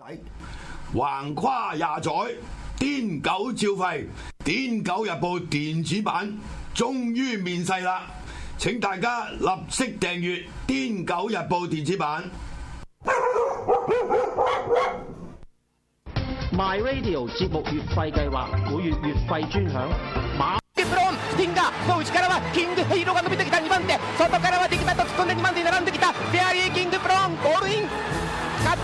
橫 跨廿載，癲狗照肺，癲狗日報電子版終於面世啦，請大家立即訂閱癲狗日報電子版。My Radio 節目月費計劃，每月月費專享。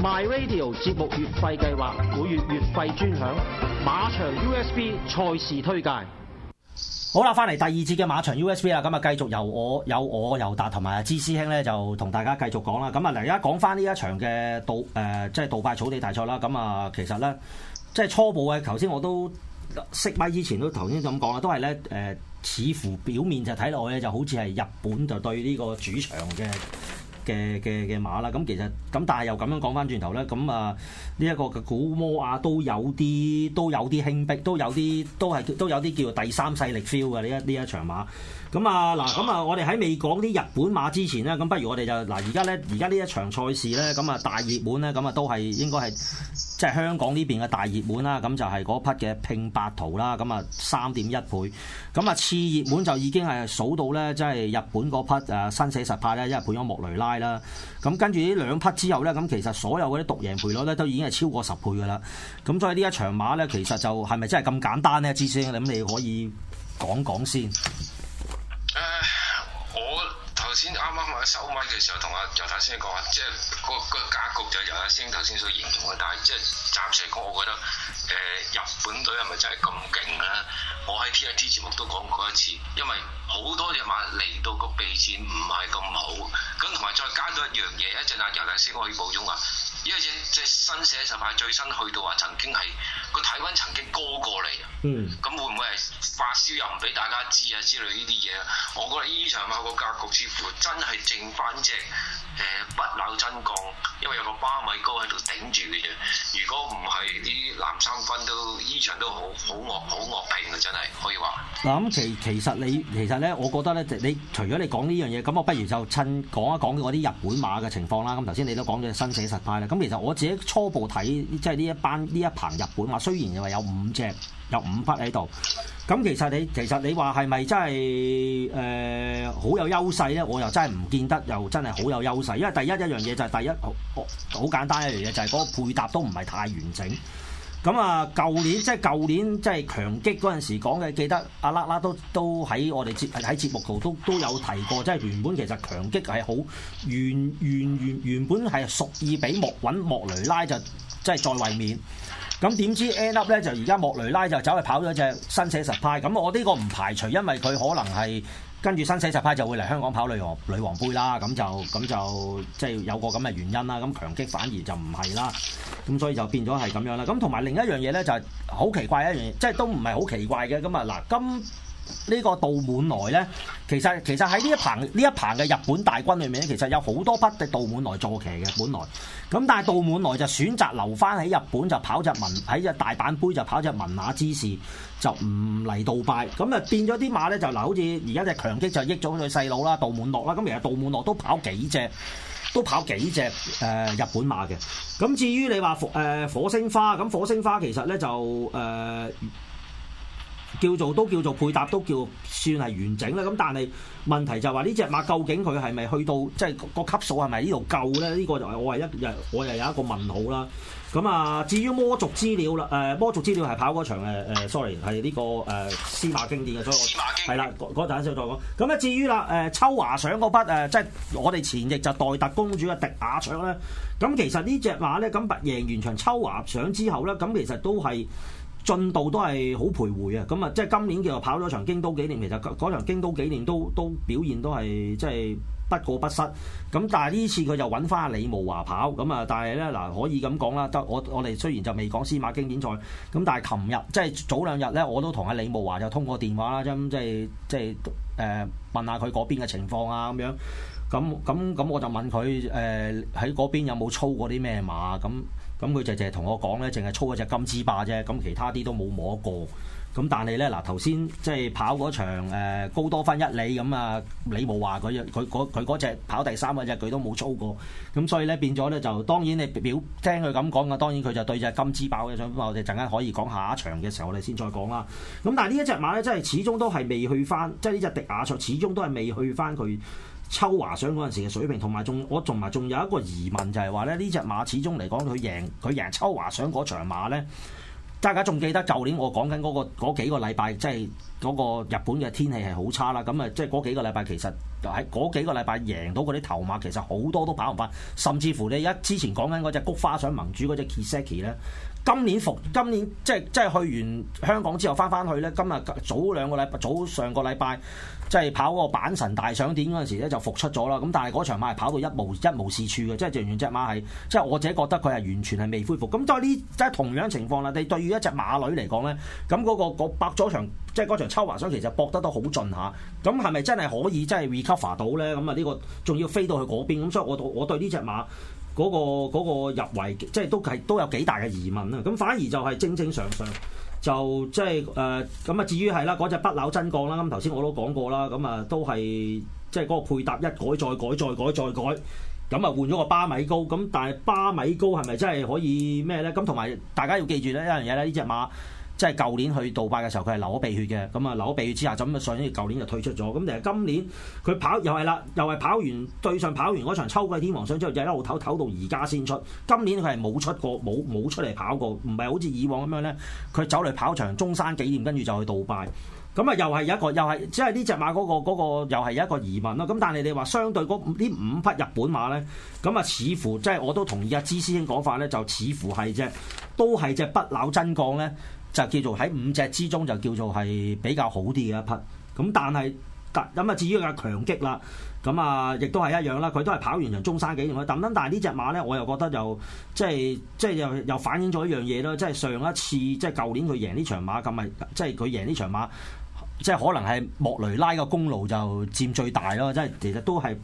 My Radio 節目月費計劃，每月月費專享馬場 USB 賽事推介。好啦，翻嚟第二節嘅馬場 USB 啦，咁啊繼續由我有我尤達同埋阿芝師兄咧就同大家繼續講啦。咁啊，嗱，而家講翻呢一場嘅杜誒，即係杜拜草地大賽啦。咁啊，其實咧，即係初步嘅，頭先我都識米，之前都頭先咁講啦，都係咧誒，似乎表面就睇落去咧就好似係日本就對呢個主場嘅。嘅嘅嘅馬啦，咁其實咁，但係又咁樣講翻轉頭咧，咁啊呢一個嘅古魔啊都有啲都有啲輕迫，都有啲都係都有啲叫做第三勢力 feel 嘅呢一呢一場馬。咁啊，嗱，咁啊，我哋喺未講啲日本馬之前呢，咁不如我哋就嗱，而家咧，而家呢一場賽事咧，咁啊大熱門咧，咁啊都係應該係即係香港呢邊嘅大熱門啦。咁就係嗰匹嘅拼八圖啦，咁啊三點一倍，咁啊次熱門就已經係數到咧、就是，即係日本嗰匹誒新寫實派咧，因為配咗莫雷拉啦。咁跟住呢兩匹之後咧，咁其實所有嗰啲獨贏賠率咧都已經係超過十倍噶啦。咁所以呢一場馬咧，其實就係咪真係咁簡單呢？Chief 兄，你咁你可以講講先。誒、呃，我頭先啱啱買手碼嘅時候，同阿尤達先講話，即係、那個、那個格局就由阿星頭先所形容嘅，但係即係暫時嚟講，我覺得誒、呃、日本隊係咪真係咁勁咧？我喺 t i t 節目都講過一次，因為好多隻馬嚟到谷備戰唔係咁好，咁同埋再加多一樣嘢，一陣阿尤達先可以補充話。因為即即係新寫實派最新去到啊，曾經係個體温曾經高過，過嚟，嗯，咁會唔會係發燒又唔俾大家知啊之類呢啲嘢啊？我覺得呢場馬個格局似乎真係淨返隻誒不鬧真講，因為有個巴米哥喺度頂住嘅。如果唔係啲藍衫軍都呢場都好好惡好惡拼嘅，真係可以話。嗱咁其其實你其實咧，我覺得咧，你除咗你講呢樣嘢，咁我不如就趁講一講我啲日本馬嘅情況啦。咁頭先你都講咗新寫實派啦，咁。其實我自己初步睇，即係呢一班呢一棚日本馬，雖然話有五隻有五匹喺度，咁其實你其實你話係咪真係誒好有優勢咧？我又真係唔見得，又真係好有優勢，因為第一一樣嘢就係第一好簡單一樣嘢就係嗰個配搭都唔係太完整。咁啊，舊年即係舊年即係強擊嗰陣時講嘅，記得阿啦啦都都喺我哋節喺節目度都都有提過，即係原本其實強擊係好原原原原本係屬意畀莫揾莫雷拉就即係再衛冕，咁點知 end up 咧就而家莫雷拉就走去跑咗隻新寫實派，咁我呢個唔排除，因為佢可能係。跟住新四十派就會嚟香港跑女王女王杯啦，咁就咁就即係有個咁嘅原因啦。咁強擊反而就唔係啦，咁所以就變咗係咁樣啦。咁同埋另一樣嘢咧就係好奇怪一樣嘢，即係都唔係好奇怪嘅咁啊嗱，今。呢個杜滿來咧，其實其實喺呢一棚呢一棚嘅日本大軍裏面咧，其實有好多匹嘅杜滿來坐騎嘅本來，咁但係杜滿來就選擇留翻喺日本就跑只文喺只大阪杯就跑只文馬之士，就唔嚟杜拜，咁啊變咗啲馬咧就嗱，好似而家隻強擊就益咗佢細佬啦，杜滿諾啦，咁其實杜滿諾都跑幾隻，都跑幾隻誒、呃、日本馬嘅，咁至於你話誒火,、呃、火星花，咁火星花其實咧就誒。呃叫做都叫做配搭都叫算係完整啦。咁但係問題就話呢隻馬究竟佢係咪去到即係、就是、個級數係咪呢度夠咧？呢、這個就我係一又我又有一個問號啦。咁、嗯、啊，至於魔族資料啦，誒、呃、魔族資料係跑嗰場誒、呃、sorry 係呢、這個誒《司、呃、馬經典》嘅，所以我係啦，嗰陣先再講。咁、嗯、咧，至於啦誒、呃、秋華賞嗰筆、呃、即係我哋前翼就代達公主嘅迪雅卓咧。咁其實隻呢隻馬咧，咁白贏完場秋華賞之後咧，咁其實都係。都進度都係好徘徊啊！咁啊，即係今年其實跑咗場京都紀念，其實嗰場京都紀念都都表現都係即係不過不失。咁但係呢次佢就揾翻阿李慕華跑。咁啊，但係咧，嗱，可以咁講啦。得我我哋雖然就未講司馬經典賽。咁但係琴日即係早兩日咧，我都同阿李慕華就通過電話啦，即係即係即係誒問下佢嗰邊嘅情況啊咁樣。咁咁咁我就問佢誒喺嗰邊有冇操過啲咩馬咁。咁佢就淨係同我講咧，淨係操嗰隻金之霸啫，咁其他啲都冇摸過。咁但係咧，嗱頭先即係跑嗰場，呃、高多分一里咁啊，你、嗯、慕華佢佢嗰佢隻跑第三嗰隻佢都冇操過。咁所以咧變咗咧就當然你表聽佢咁講啊，當然佢就對隻金之霸嘅想法。我哋陣間可以講下一場嘅時候，我哋先再講啦。咁但係呢一隻馬咧，真係始終都係未去翻，即係呢隻迪亞卓始終都係未去翻佢。秋華賞嗰陣時嘅水平，同埋仲我同埋仲有一個疑問，就係話咧呢隻馬始終嚟講，佢贏佢贏秋華賞嗰場馬咧，大家仲記得舊年我講緊嗰個嗰幾個禮拜，即係嗰個日本嘅天氣係好差啦，咁啊即係嗰幾個禮拜其實喺嗰幾個禮拜贏到嗰啲頭馬，其實好多都跑唔返，甚至乎你一之前講緊嗰隻菊花賞盟主嗰隻 Kiseki 咧。今年復，今年即係即係去完香港之後翻翻去咧，今日早兩個禮拜，早上個禮拜，即係跑嗰個阪神大賞典嗰陣時咧，就復出咗啦。咁但係嗰場馬係跑到一無一無是處嘅，即係完全，隻馬係即係我自己覺得佢係完全係未恢復。咁都係呢，即係同樣情況啦。你對於一隻馬女嚟講咧，咁、嗰、嗰個白咗、嗰個嗰個、場，即係嗰場秋華賞其實搏得都好盡嚇。咁係咪真係可以即係 recover 到咧？咁啊呢個仲要飛到去嗰邊咁，所以我對我對呢隻馬。嗰個嗰個入圍，即係都係都有幾大嘅疑問啦。咁反而就係正正常常，就即係誒咁啊。至於係啦，嗰隻不朽真鋼啦。咁頭先我都講過啦，咁啊都係即係嗰個配搭一改再改再改再改，咁啊換咗個巴米高。咁但係巴米高係咪真係可以咩咧？咁同埋大家要記住咧一樣嘢咧，呢隻馬。即係舊年去杜拜嘅時候，佢、嗯、係流咗鼻血嘅，咁啊流咗鼻血之下，咁啊，上年舊年就退出咗。咁但係今年佢跑又係啦，又係跑完對上跑完嗰場秋季天皇賞之後，就一路唞唞到而家先出。今年佢係冇出過，冇冇出嚟跑過，唔係好似以往咁樣咧。佢走嚟跑場中山紀念，跟住就去杜拜。咁、嗯、啊，又係一個又係即係呢隻馬嗰、那個嗰、那個又係一個疑問啦。咁但係你話相對嗰呢五匹日本馬咧，咁啊似乎即係我都同意阿、啊、芝師兄講法咧，就似乎係隻都係隻不老真降咧。就叫做喺五隻之中就叫做係比較好啲嘅一匹，咁但係，咁啊至於佢嘅強擊啦，咁啊亦都係一樣啦，佢都係跑完場中山紀念啊，等等。但係呢隻馬咧，我又覺得又即係即係又又反映咗一樣嘢咯，即係上一次即係舊年佢贏呢場馬咁咪，即係佢贏呢場馬，即係可能係莫雷拉嘅功勞就佔最大咯，即係其實都係。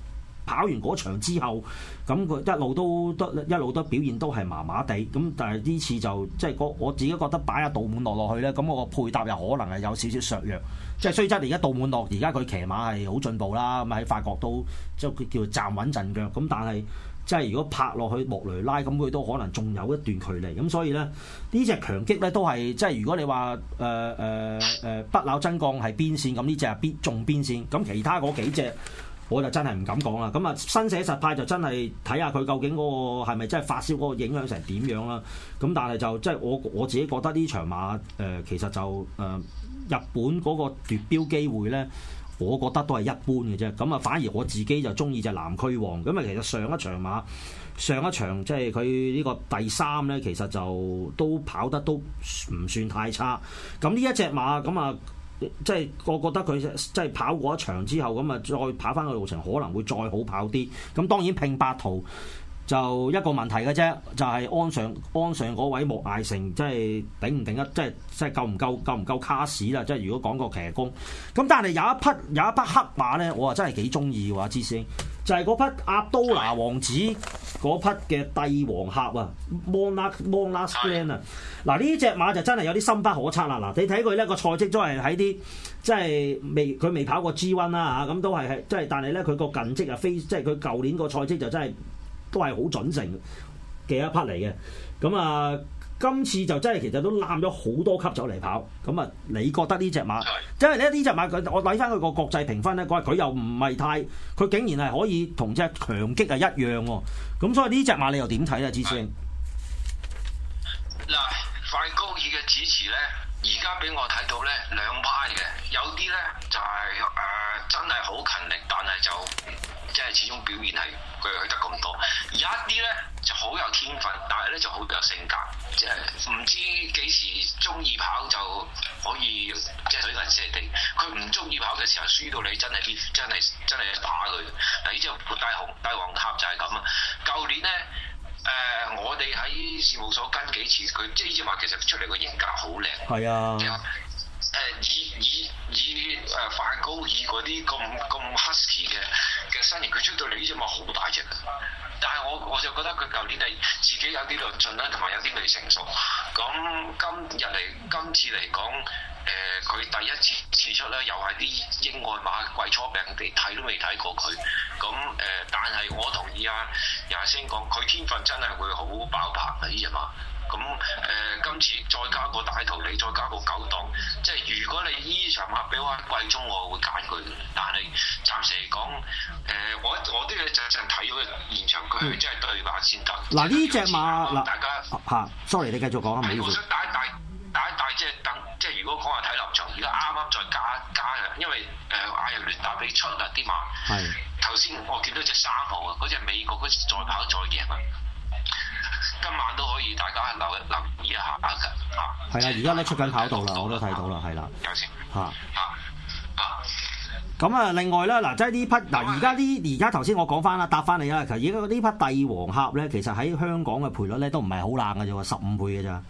跑完嗰場之後，咁佢一路都得一路都表現都係麻麻地，咁但係呢次就即係我自己覺得擺阿杜滿樂落去咧，咁我個配搭又可能係有少少削弱，即係雖則你而家杜滿樂，而家佢騎馬係好進步啦，咁喺法國都即係叫站穩陣腳，咁但係即係如果拍落去莫雷拉，咁佢都可能仲有一段距離，咁所以咧呢隻強擊咧都係即係如果你話誒誒誒不鏽真降係邊線，咁呢隻係邊仲邊線，咁其他嗰幾隻。我就真係唔敢講啦，咁啊新寫實派就真係睇下佢究竟嗰個係咪真係發燒嗰個影響成點樣啦？咁但係就即係我我自己覺得呢場馬誒、呃、其實就誒、呃、日本嗰個奪標機會咧，我覺得都係一般嘅啫。咁啊，反而我自己就中意隻南區王。咁啊，其實上一場馬上一場即係佢呢個第三咧，其實就都跑得都唔算太差。咁呢一隻馬咁啊～、嗯即係我覺得佢即係跑過一場之後，咁啊再跑翻個路程可能會再好跑啲。咁當然拼八圖就一個問題嘅啫，就係、是、安上安上嗰位莫艾成，即係頂唔頂得，即係即係夠唔夠夠唔夠卡士啦。即係如果講個騎功，咁但係有一匹有一匹黑馬咧，我啊真係幾中意嘅話，之星。就係嗰匹阿都拿王子嗰匹嘅帝王俠啊 Monarch Monarch Grand 啊，嗱呢隻馬就真係有啲深不可測啦，嗱你睇佢咧個賽績都係喺啲即係未佢未跑過 G1 啦嚇，咁、啊、都係係即係，但係咧佢個近績啊飛，即係佢舊年個賽績就真係都係好準成嘅一匹嚟嘅，咁、嗯、啊。今次就真係，其實都攬咗好多級走嚟跑，咁啊，你覺得呢隻馬？因為呢一啲隻馬，佢我睇翻佢個國際評分咧，嗰佢又唔係太，佢竟然係可以同隻強擊係一樣喎，咁所以呢隻馬你又點睇啊？志升嗱，快高爾嘅支持咧，而家俾我睇到咧兩派嘅，有啲咧就係、是、誒、呃、真係好勤力，但係就。即係始終表現係佢去得咁多，有一啲咧就好有天分，但係咧就好有性格，即係唔知幾時中意跑就可以即係水銀瀉地。佢唔中意跑嘅時候，輸到你真係真係真係打佢。嗱，呢隻大紅大黃鴨就係咁啊！舊年咧，誒、呃、我哋喺事務所跟幾次，佢即係呢隻馬其實出嚟個型格好靚，係啊、哎呀。就是誒、uh，以以以誒梵高以嗰啲咁咁 husky 嘅嘅身形，佢出到嚟呢隻馬好大隻，但係我我就覺得佢舊年係自己有啲論盡啦，同埋有啲未成熟。咁、嗯、今日嚟今次嚟講，誒、呃、佢第一次次出啦，又係啲英愛馬貴錯病，地，睇都未睇過佢。咁、呃、誒，但係我同意啊，啱先講佢天分真係會好爆棚啊！呢隻馬。咁誒、嗯啊，今次再加個大頭，你再加個九檔，即係如果你依場馬比話貴中，我會揀佢。但係暫時嚟講，誒、呃，我我都要一陣睇咗佢現場，佢去真係對馬先得。嗱呢隻馬大家嚇、啊啊、，sorry，你繼續講我想打一大打，打一大，即係等即係如果講話睇立場，而家啱啱再加一加嘅，因為誒亞歷聯打比出啦啲馬。係是。頭先我見到隻三號啊，嗰隻美國嗰隻再跑再贏啊！今晚都可以，大家留一留意一下嘅嚇。係啊，而家都出緊跑道啦，啊、我都睇到啦，係啦嚇嚇嚇。咁啊，啊，啊，另外啦，嗱，即係呢匹嗱，而家啲，而家頭先我講翻啦，答翻你啊，其實而家呢匹帝王俠咧，其實喺香港嘅賠率咧都唔係好冷嘅，就話十五倍嘅咋。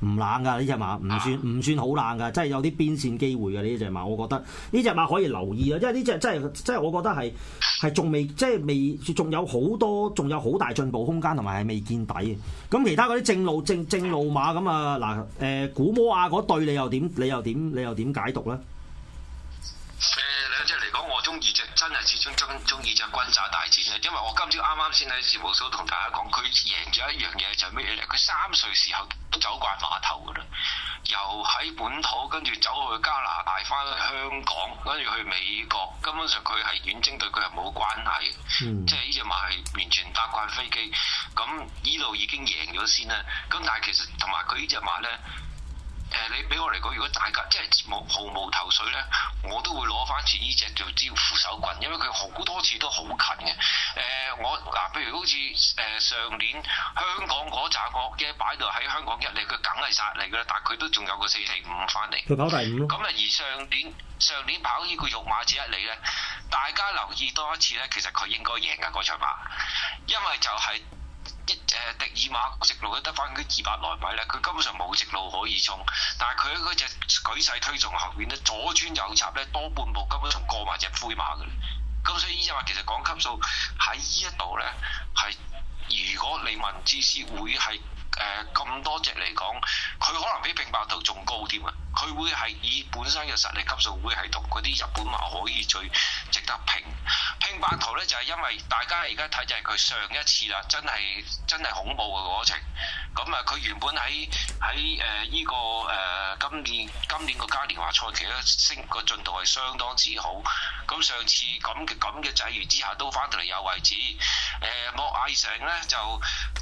唔冷噶，呢隻馬，唔算唔算好冷噶，真係有啲邊線機會噶呢隻馬，我覺得呢隻馬可以留意啊，因為呢隻真係真係我覺得係係仲未即係未仲有好多仲有好大進步空間同埋係未見底嘅。咁其他嗰啲正路正正路馬咁啊，嗱、呃，誒古魔啊，嗰對你又點你又點你又點解讀咧？誒、呃，兩隻嚟講，我中意隻。真係始終中中意隻軍炸大戰咧，因為我今朝啱啱先喺事務所同大家講，佢贏咗一樣嘢就係咩嚟？佢三歲時候走慣碼頭噶啦，由喺本土跟住走去加拿大，翻去香港，跟住去美國，根本上佢係遠征對佢係冇關係嘅，即係呢隻馬係完全搭慣飛機。咁呢度已經贏咗先啦。咁但係其實同埋佢呢隻馬咧。誒、呃，你俾我嚟講，如果大家即係目毫無頭緒咧，我都會攞翻次呢隻叫招扶手棍，因為佢好多次都好近嘅。誒、呃，我嗱，譬、呃、如好似誒、呃、上年香港嗰我嘅嘢擺到喺香港一哩，佢梗係殺嚟噶啦，但係佢都仲有個四成五翻嚟。咁啊，而上年上年跑呢個肉馬子一哩咧，大家留意多一次咧，其實佢應該贏㗎嗰場馬，因為就係、是。誒、呃、迪爾馬直路都得翻啲二百來米咧，佢根本上冇直路可以衝，但係佢嗰隻舉世推崇後邊咧，左穿右插咧，多半步根本就過埋隻灰馬嘅。咁所以呢隻馬其實講級數喺呢一度咧係，如果你問之士會係誒咁多隻嚟講，佢可能比平白兔仲高添啊！佢會係以本身嘅實力級數會係同嗰啲日本馬可以最值得拼。拼白圖咧，就係、是、因為大家而家睇就係、是、佢上一次啦，真係真係恐怖嘅過程。咁啊，佢原本喺喺誒依個誒、呃、今年今年個嘉年華賽期咧，升個進度係相當之好。咁上次咁嘅咁嘅際遇之下，都翻到嚟有位置。誒、呃、莫艾成咧就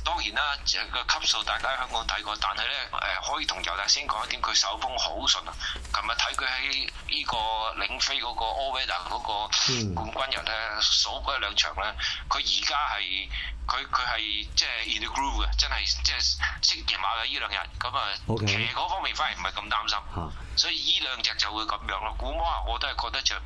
當然啦，個級數大家香港睇過，但係咧誒可以同尤大先講一點佢手風好。啊！琴日睇佢喺呢個領飛嗰個 all weather 嗰個冠軍人咧，數嗰一兩場咧，佢而家係佢佢係即係 in the groove 嘅，真係即係識騎馬嘅呢兩日咁啊，騎嗰方面反而唔係咁擔心。所以呢兩隻就會咁樣咯。估摩我都係覺得著誒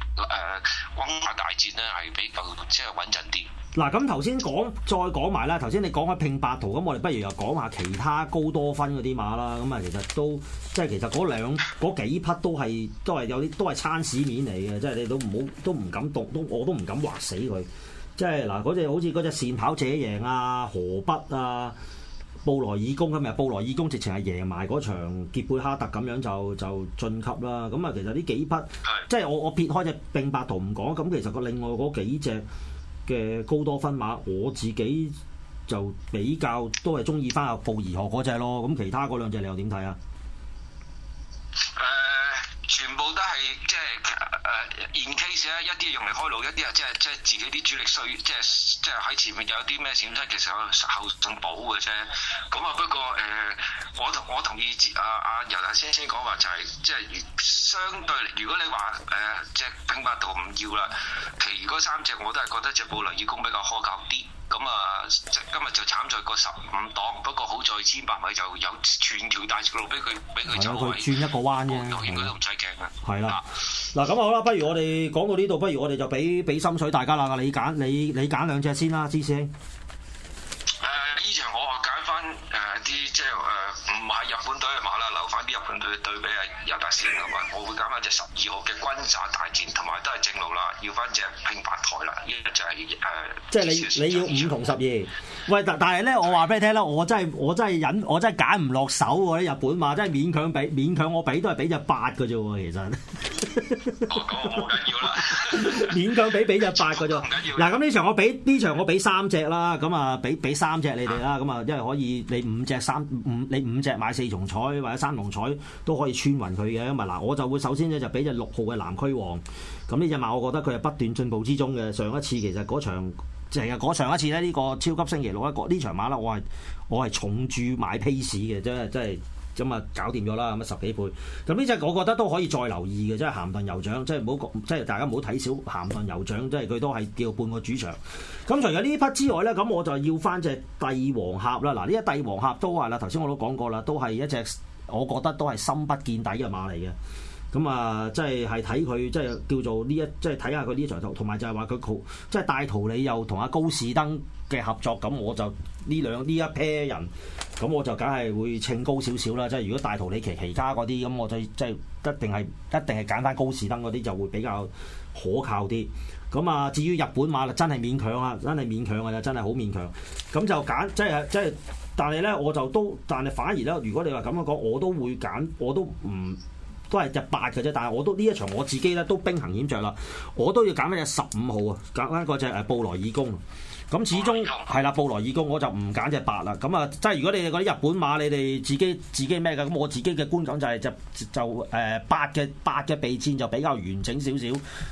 翁馬大戰咧，係比較即係穩陣啲。嗱、啊，咁頭先講，再講埋啦。頭先你講開拼八圖，咁我哋不如又講下其他高多分嗰啲馬啦。咁啊，其實都即係其實嗰兩嗰幾匹都係都係有啲都係餐屎麵嚟嘅。即係你都唔好都唔敢讀，都我都唔敢劃死佢。即係嗱，嗰隻好似嗰隻善跑者贏啊、河北啊。布萊爾公咁啊，布萊爾公直情係贏埋嗰場傑貝哈特咁樣就就晉級啦。咁啊，其實呢幾匹，即係我我撇開隻並白圖唔講，咁其實個另外嗰幾隻嘅高多分馬，我自己就比較都係中意翻阿布兒河嗰隻咯。咁其他嗰兩隻你又點睇啊？現 case 咧，一啲用嚟開路，一啲啊即係即係自己啲主力需，即係即係喺前面有啲咩損失，其實係後進補嘅啫。咁啊，不過誒、呃，我同我同意阿阿尤達先生講話就係、是，即係相對如果你話即只品百度唔要啦，其餘嗰三隻我都係覺得只保留要攻比較可靠啲。咁啊，今日就慘在個十五檔，不過好在千八米就有轉條大路俾佢俾佢走，俾佢 轉一個彎啫，連佢都唔使驚啊，係啦，嗱咁啊好啦，不如我哋講到呢度，不如我哋就俾俾心水大家啦、啊，你揀，你你揀兩隻先啦，芝士兄。誒、啊，依場我即係誒，唔係日本隊嘅馬啦，留翻啲日本隊對比啊，有得試啊嘛！我會揀一隻十二號嘅軍紮大戰，同埋都係正路啦，要翻一隻拼八台啦。呢場誒，即係你你要五同十二。喂，但但係咧，我話俾你聽啦，我真係我真係忍，我真係揀唔落手喎！啲日本馬真係勉強比，勉強我比都係比隻八嘅啫喎，其實。唔緊要啦。勉強比比隻八嘅啫。唔緊要。嗱，咁呢場我比呢場我比三隻啦，咁啊比比三隻你哋啦，咁啊因為可以你五隻三。五你五隻買四重彩或者三重彩都可以穿勻佢嘅。因為嗱，我就會首先咧，就俾隻六號嘅南區王，咁呢隻馬我覺得佢係不斷進步之中嘅。上一次其實嗰場即係嗰上一次咧，呢個超級星期六咧，呢場馬咧，我係我係重注買 pays 嘅，即即係。咁啊，搞掂咗啦，咁啊十幾倍。咁呢隻我覺得都可以再留意嘅，即係鹹頓酋長，即係唔好，即係大家唔好睇小鹹頓酋長，即係佢都係叫半個主場。咁除咗呢匹之外呢，咁我就要翻隻帝王俠啦。嗱，呢一帝王俠都係啦，頭先我都講過啦，都係一隻我覺得都係深不見底嘅馬嚟嘅。咁啊，即係係睇佢，即係叫做呢一，即係睇下佢呢一場同，同埋就係話佢即係戴圖理又同阿高士登嘅合作，咁我就呢兩呢一 pair 人，咁我就梗係會稱高少少啦，即係如果大圖理奇其他嗰啲咁，我就即係一定係一定係揀翻高士登嗰啲，就會比較可靠啲。咁啊，至於日本馬啦，真係勉強啊，真係勉強㗎啦，真係好勉強。咁就揀即係即係，但係咧我就都，但係反而咧，如果你話咁樣講，我都會揀，我都唔都係隻八嘅啫。但係我都呢一場我自己咧都兵行險著啦，我都要揀一隻十五號啊，揀翻嗰隻布萊爾公。咁始終係啦，布萊爾公我就唔揀隻八啦。咁啊，即係如果你哋嗰啲日本馬，你哋自己自己咩㗎？咁我自己嘅觀感就係、是、就就誒、呃、八嘅八嘅備戰就比較完整少少，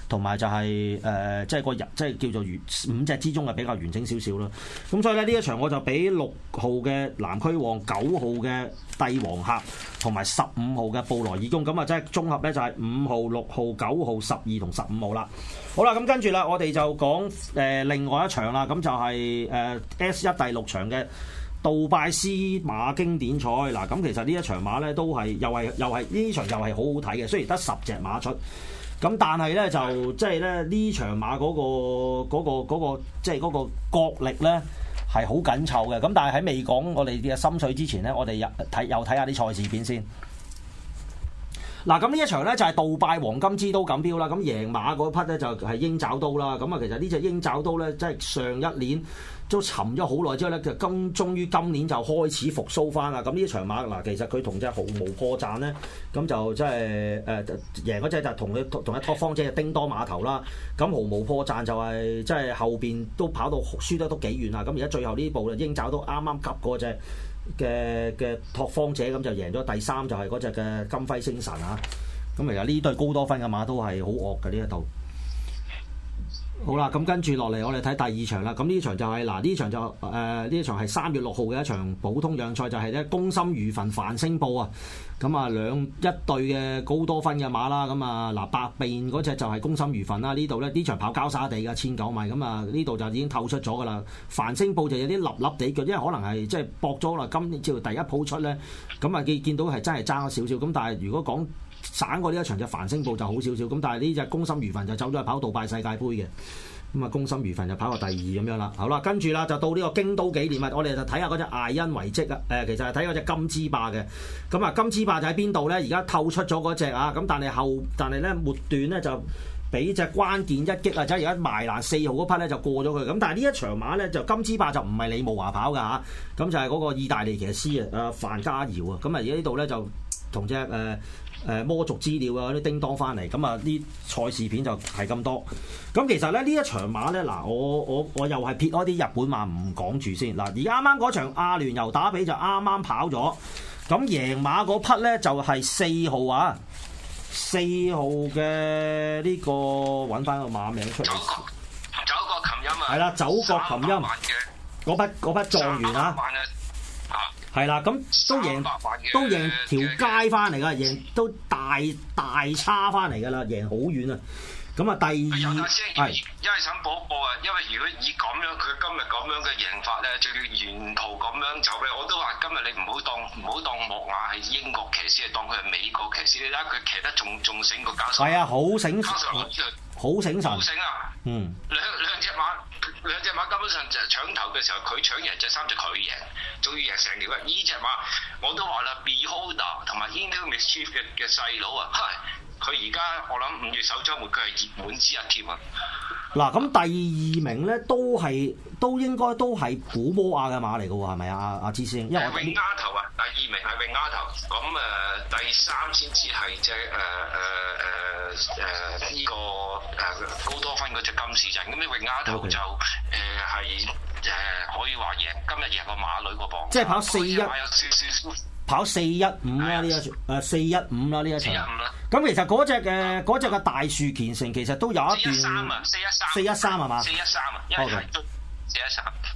同埋就係、是、誒、呃、即係個日即係叫做完五隻之中啊比較完整少少咯。咁所以咧呢一場我就俾六號嘅南區王，九號嘅帝王客同埋十五號嘅布萊爾公，咁啊，即係綜合咧就係五號、六號、九號、十二同十五號啦。好啦，咁跟住啦，我哋就講誒另外一場啦，咁就係誒 S 一第六場嘅杜拜司馬經典賽。嗱，咁其實呢一場馬咧都係又係又係呢場又係好好睇嘅，雖然得十隻馬出，咁但係咧就即係咧呢場馬嗰個嗰個嗰個即係嗰個角力咧。係好緊湊嘅，咁但係喺未講我哋嘅心水之前呢，我哋又睇又睇下啲賽事片先。嗱，咁呢一場呢就係杜拜黃金之都錦標啦，咁贏馬嗰匹呢就係鷹爪刀啦，咁啊其實呢隻鷹爪刀呢，即係上一年。都沉咗好耐之後咧，就今終於今年就開始復甦翻啦。咁呢場馬嗱，其實佢同隻毫無破綻咧，咁就即係誒贏嗰隻就同佢同一拓荒者叮多馬頭啦。咁毫無破綻就係即係後邊都跑到輸得都幾遠啦，啊。咁而家最後步呢步咧，應找到啱啱急過隻嘅嘅拓荒者，咁就贏咗第三，就係嗰隻嘅金輝星神啊！咁其實呢對高多分嘅馬都係好惡嘅呢一度。好啦，咁跟住落嚟，我哋睇第二場啦。咁呢場就係、是、嗱，呢場就誒呢、呃、場係三月六號嘅一場普通讓賽，就係、是、咧攻心如焚、繁星報啊。咁啊，兩一對嘅高多芬嘅馬啦。咁啊，嗱，白邊嗰隻就係攻心如焚啦。呢度呢，呢場跑膠沙地㗎，千九米，咁啊，呢度就已經透出咗噶啦。繁星報就有啲立立地嘅，因為可能係即係搏咗啦。今朝第一鋪出咧，咁啊見見到係真係爭咗少少。咁但係如果講省過呢一場嘅繁星步就好少少，咁但係呢隻功心如焚就走咗去跑杜拜世界盃嘅，咁啊功心如焚就跑過第二咁樣啦，好啦，跟住啦就到呢個京都紀念物，我哋就睇下嗰隻艾因遺蹟啊，誒、呃、其實係睇嗰隻金之霸嘅，咁啊金之霸就喺邊度咧？而家透出咗嗰隻啊，咁但係後但係咧末段咧就俾隻關鍵一擊啊，即係而家埋欄四號嗰匹咧就過咗佢，咁但係呢一場馬咧就金之霸就唔係李慕華跑噶嚇，咁、啊、就係、是、嗰個意大利騎師啊，啊范家瑤啊，咁啊而家呢度咧就同隻誒。呃誒魔族資料啊，嗰啲叮當翻嚟，咁啊啲賽事片就係咁多。咁其實咧呢一場馬咧，嗱我我我又係撇開啲日本馬唔講住先。嗱，而啱啱嗰場阿聯酋打比就啱啱跑咗。咁贏馬嗰匹咧就係四號啊，四號嘅呢個揾翻個馬名出嚟。走國琴音啊！係啦，走國琴音。嗰匹嗰匹狀元啊！係啦，咁都贏都贏條街翻嚟噶，贏都大大差翻嚟噶啦，贏好遠啊！咁啊，第二係一係想搏一搏啊，因為如果以咁樣佢今日咁樣嘅贏法咧，就要沿途咁樣走嘅。我都話今日你唔好當唔好當莫亞係英國騎士，係當佢係美國騎士。你睇佢騎得仲仲醒過加索，係啊，好醒神，好醒神。嗯，兩兩隻馬，兩隻馬根本上就搶頭嘅時候，佢搶贏隻三隻佢贏，仲要贏成條。呢隻馬我都話啦，Beholder 同埋 Into Mischief 嘅嘅細佬啊，佢而家我諗五月首週末佢係熱門之一添啊。嗱，咁第二名咧都係都應該都係古摩亞嘅馬嚟嘅喎，係咪啊？阿阿芝先，因為永丫頭啊，第二名係永丫頭，咁誒、呃、第三先至係隻誒誒誒。呃呃呃呃誒，呢個誒高多芬嗰隻金士鎮，咁你永雅就誒係誒可以話贏，今日贏個馬女個磅，即係跑四一， 跑四一五啦呢一場，誒四一五啦呢一場，咁其實嗰隻嘅，嗰隻嘅大樹虔誠其實都有一段四一三四一三啊，四一三啊，包吧